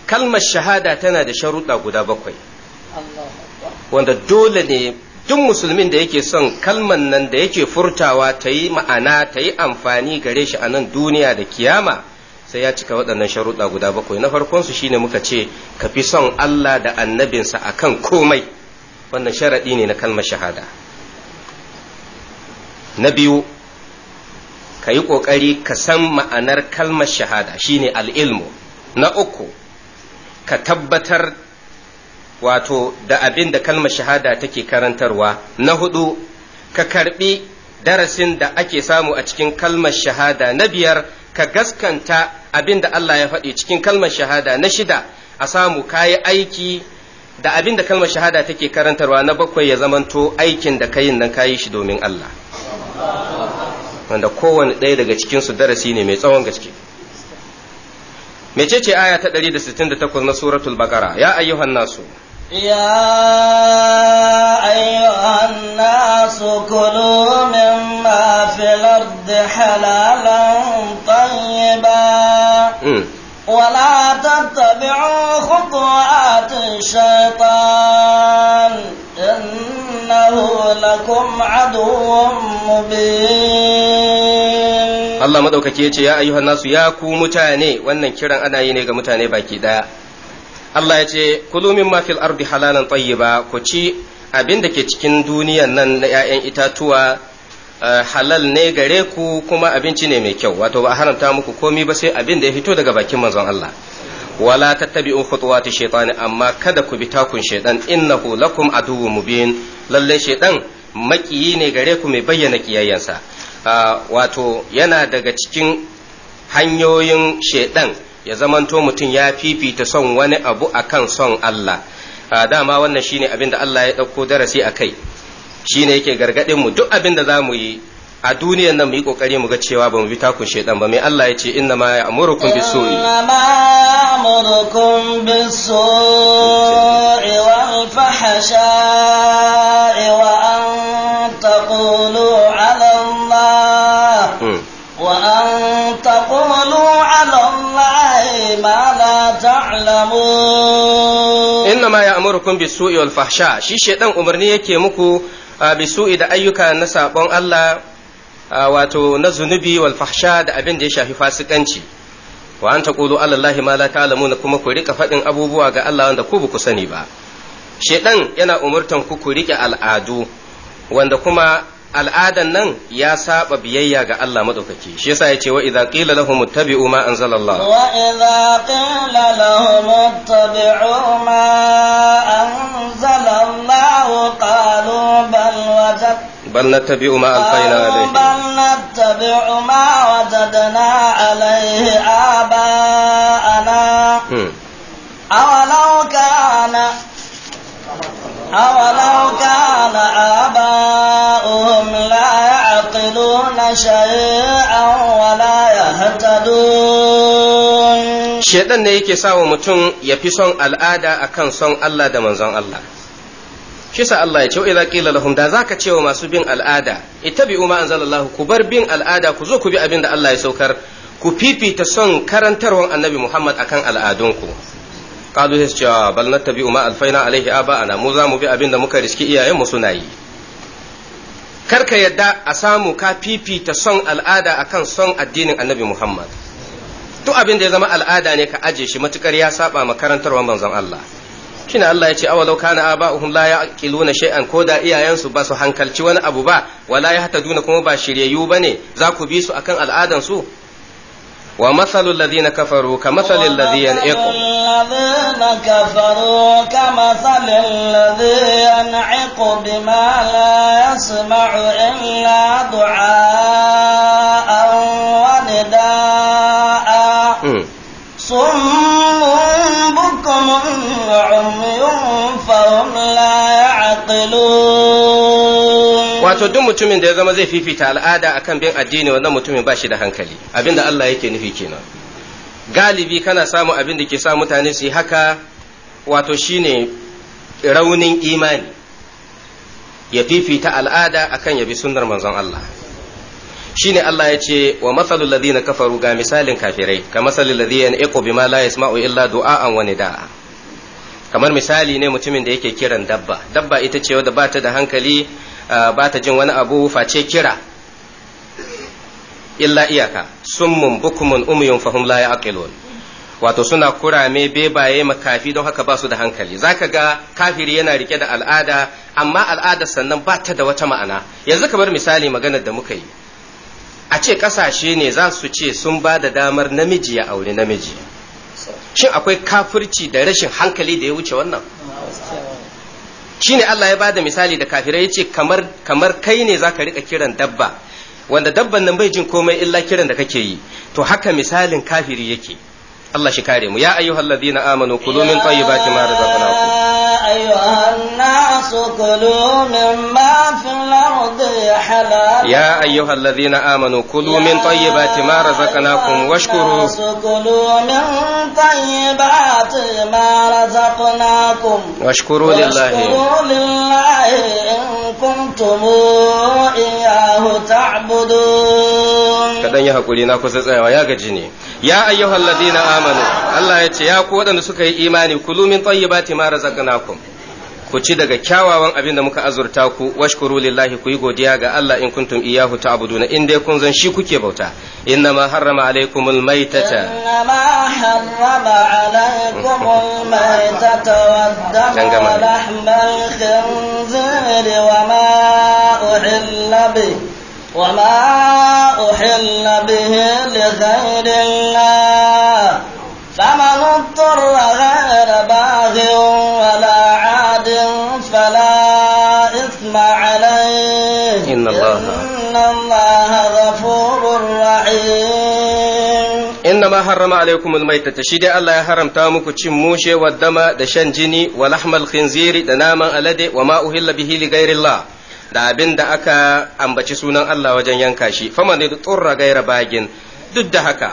kalmar shahada tana da sharuɗa guda bakwai wanda dole ne duk musulmin da yake son kalman nan da yake furtawa ta yi ma'ana ta yi amfani gare shi a nan duniya da kiyama sai ya cika waɗannan sharuɗa guda bakwai na farkonsu shine muka ce ka fi son Allah da annabinsa a kan komai wannan sharaɗi ne na kalmar shahada na biyu ka yi ƙoƙari ka san ma'anar kalmar shahada shine al'ilmu na uku ka tabbatar wato da abin da kalmar shahada take karantarwa na hudu ka karbi darasin da ake samu a cikin kalmar shahada na biyar ka gaskanta abin da Allah ya faɗi cikin kalmar shahada na shida a samu kayi aiki da abin da kalmar shahada take karantarwa na bakwai ya zamanto aikin da kayin nan kayi shi domin Allah wanda kowane ɗaya daga cikinsu darasi ne mai tsawon gaske mecece aya ta 168 na suratul baqara ya ayyuhan nasu يا أيها الناس كلوا مما في الأرض حلالا طيبا ولا تتبعوا خطوات الشيطان إنه لكم عدو مبين الله مدوكاكي يتي يا أيها الناس يا كو متاني wannan kiran ana yi ne ga mutane Allah ya ce kulu mimma fil ardi halalan tayyiba ku ci abin da ke cikin duniyan nan na 'ya'yan itatuwa Eh, halal ne gare ku kuma abinci ne mai kyau wato ba haramta muku komi ba sai abin da ya fito daga bakin manzon Allah wala tattabi'u khutuwati shaytani amma kada ku bi takun shaytan innahu lakum mu mubin lalle shaytan makiyi ne gare ku mai bayyana kiyayyansa ah, wato yana daga cikin hanyoyin shaytan ya zamanto mutum ya fifita son wani abu akan son Allah ah, dama wannan shine abin da Allah ya dauko darasi akai shine yake gargadin mu duk abin da zamu yi a duniyar nan mu yi kokari mu ga cewa ba mu bi takun shaitan ba mai Allah ya ce inna ma ya'murukum bis-su'i inna ma ya'murukum wal fahsha'i wa an taqulu 'ala Allah hmm. wa an taqulu 'ala Allah ma la ta'lamun inna ma ya'murukum bis wal fahsha shi shedan umarni yake muku bisu'i da ayyuka na saɓon Allah wato na zunubi wal fahsha da abin da ya shafi fasikanci wa an taqulu ala Allahi ma la ta'lamuna kuma ku rika faɗin abubuwa ga Allah wanda ku ku sani ba shedan yana umurtan ku ku rike al'adu wanda kuma al'adan nan ya saba biyayya ga Allah madaukake shi yasa yace wa idza qila lahum muttabi'u ma anzalallah wa idza qila lahum muttabi'u ma anzalallah qalu bal wajad bal nattabi'u ma alqayna alayhi bal nattabi'u ma wajadna alayhi aba'ana hmm. awalau kana awalau kana aba'ana شيئا ولا يهتدون شيطان ne yake sawa mutum ya fi son al'ada akan son Allah da manzon Allah shi sa Allah ya ce idza qila lahum da zaka ce wa masu bin al'ada ittabi'u ma anzalallahu ku bar bin al'ada ku zo ku bi abin da Allah ya saukar ku fifita son karantarwa annabi Muhammad akan al'adunku qalu hisja bal nattabi'u ma alfaina alaihi na mu za mu bi abin da muka riski iyayen mu suna yi karka yadda a samu ka fifita son al'ada akan son addinin annabi Muhammad duk abin da ya zama al'ada ne ka aje shi matukar ya saba wa manzon Allah shine Allah ya ce awa awalau kana aba'uhum la yaqiluna shay'an ko da iyayensu ba su hankalci wani abu ba wala yahtaduna kuma ba shiryayyu bane za ku bi su akan al'adan su wa mathalul ladina kafaru ka mathalil ladhi yan'iqu الذين كفروا كمثل الذي ينعق بما لا يسمع إلا دعاء ونداء صم بكم عمي فهم لا يعقلون wato duk mutumin da ya zama zai fifita al'ada akan bin addini wannan mutumin ba shi da hankali abinda Allah yake nufi kenan galibi kana samu abin da ke sa mutane su yi haka wato shine raunin imani ya fifita al'ada akan yabi sunnar manzon Allah Shi ne Allah ya ce wa matsalul ladina kafaru ga misalin kafirai ka matsalul ladina yaqu bima la yasma'u illa du'a'an wa nida'a kamar misali ne mutumin da yake kiran dabba dabba ita ce wadda bata da hankali ah, bata jin wani abu face kira illa iyaka summun bukumun umyun fahum la yaqilun wato suna kurame bebaye makafi don haka ba su da hankali zaka ga kafiri yana rike da al'ada amma al'ada sannan ba ta da wata ma'ana yanzu ka bar misali maganar da muka yi a ce kasashe ne za su ce sun ba da damar namiji ya aure namiji shin akwai kafirci da rashin hankali da ya wuce wannan shine Allah ya ba da misali da kafirai ya ce kamar kai ne za ka rika kiran dabba wanda dabban nan bai jin komai illa kiran da kake yi to haka misalin kafiri yake Allah shi kare mu ya ayyuhallazina amanu kulu min tayyibati ma razaqnakum أيها الناس كلوا مما في الأرض حلالا يا أيها الذين آمنوا كلوا من طيبات ما رزقناكم واشكروا كلوا من طيبات ما رزقناكم واشكروا لله واشكروا لله إن كنتم إياه تعبدون كدن يحقولي ناكو سيسايا يا جني ya ayyuhal ladina amanu Allah ya ce ya ku waɗanda suka yi imani kulu min tayyibati ma razaqnakum ku ci daga kyawawan abin da muka azurta ku washkuru lillahi ku yi godiya ga Allah in kuntum iyahu ta'buduna in dai kun zan shi kuke bauta inna ma harrama alaikumul maitata inna ma harrama alaikumul maitata wad-dama lahmal khinzir wa ma uhilla bihi وما أحل به لغير الله فمن اضطر غير باغ ولا إن الله غفور رحيم إنما حرم عليكم الميتة شيدي الله يحرم تامك jini والدم دشن جني ولحم الخنزير دناما ألدي وما أهل به لغير الله da abin da aka ambaci sunan Allah wajen yanka shi fama ne tsurra gaira bagin duk da haka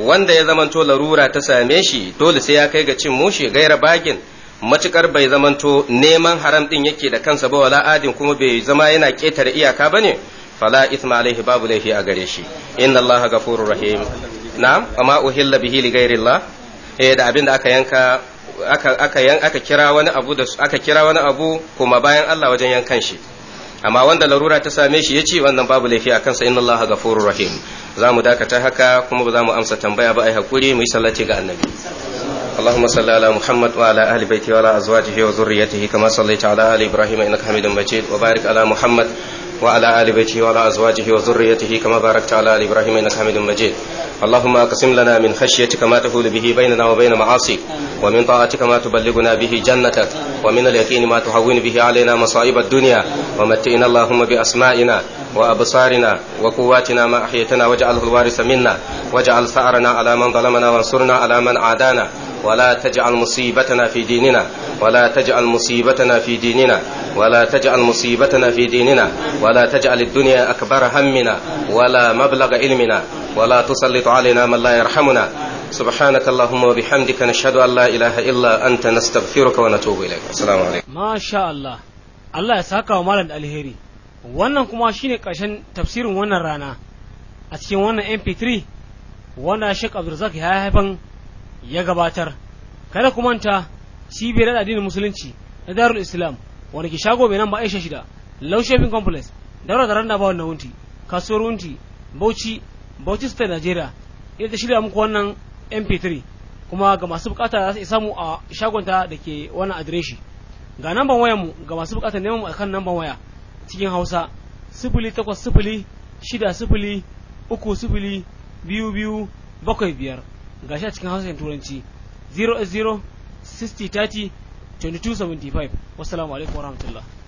wanda ya zamanto larura ta same shi dole sai ya kai ga cin mushe gaira bagin matukar bai zamanto neman haram din yake da kansa ba wala adin kuma bai zama yana ketare iyaka bane ne fala ithma babu laifi a gare shi inna allaha ghafurur rahim na'am amma bihi li ghairillah da aka aka yan aka kira wani abu da aka kira wani abu kuma bayan Allah wajen yankan shi amma wanda larura ta same shi yace wannan babu laifi a kansa inna allaha ghafurur rahim za mu dakata haka kuma ba za mu amsa tambaya ba ai hakuri mu yi sallati ga annabi اللهم صل على محمد وعلى آل بيته وعلى أزواجه وذريته كما صليت على آل إبراهيم إنك حميد مجيد وبارك على محمد وعلى آل بيته وعلى أزواجه وذريته كما باركت على آل إبراهيم إنك حميد مجيد اللهم أقسم لنا من خشيتك ما تحول به بيننا وبين معاصيك ومن طاعتك ما تبلغنا به جنتك ومن اليقين ما تهون به علينا مصائب الدنيا ومتئنا اللهم بأسمائنا وأبصارنا وقواتنا ما أحيتنا واجعله الوارث منا واجعل ثأرنا على من ظلمنا وانصرنا على من عادانا ولا تجعل مصيبتنا في ديننا ولا تجعل مصيبتنا في ديننا ولا تجعل مصيبتنا في ديننا ولا تجعل الدنيا أكبر همنا ولا مبلغ علمنا ولا تسلط علينا من لا يرحمنا سبحانك اللهم وبحمدك نشهد أن لا إله إلا أنت نستغفرك ونتوب إليك السلام عليكم ما شاء الله الله يساك ومالا الهيري wannan kuma shine ƙarshen tafsirin wannan rana a cikin wannan mp3 wanda Sheikh Abdulrazak ya haifan ya gabatar kada ku manta cibiyar addinin musulunci na darul islam wani ke shago mai nan aisha shida low shopping complex daura da randa ba wannan wunti kasuwar wunti bauchi bauchi state nigeria ita ta shirya muku wannan mp3 kuma ga masu bukata za su samu a shagonta da ke wannan adireshi ga namban wayanmu ga masu bukata neman akan namban waya cikin hausa sifili takwas sifili shida sifili uku sifili biyu biyu bakwai biyar shi a cikin hausa turanci 080 60 30 2275 wassalamu alaikum rahmatullah.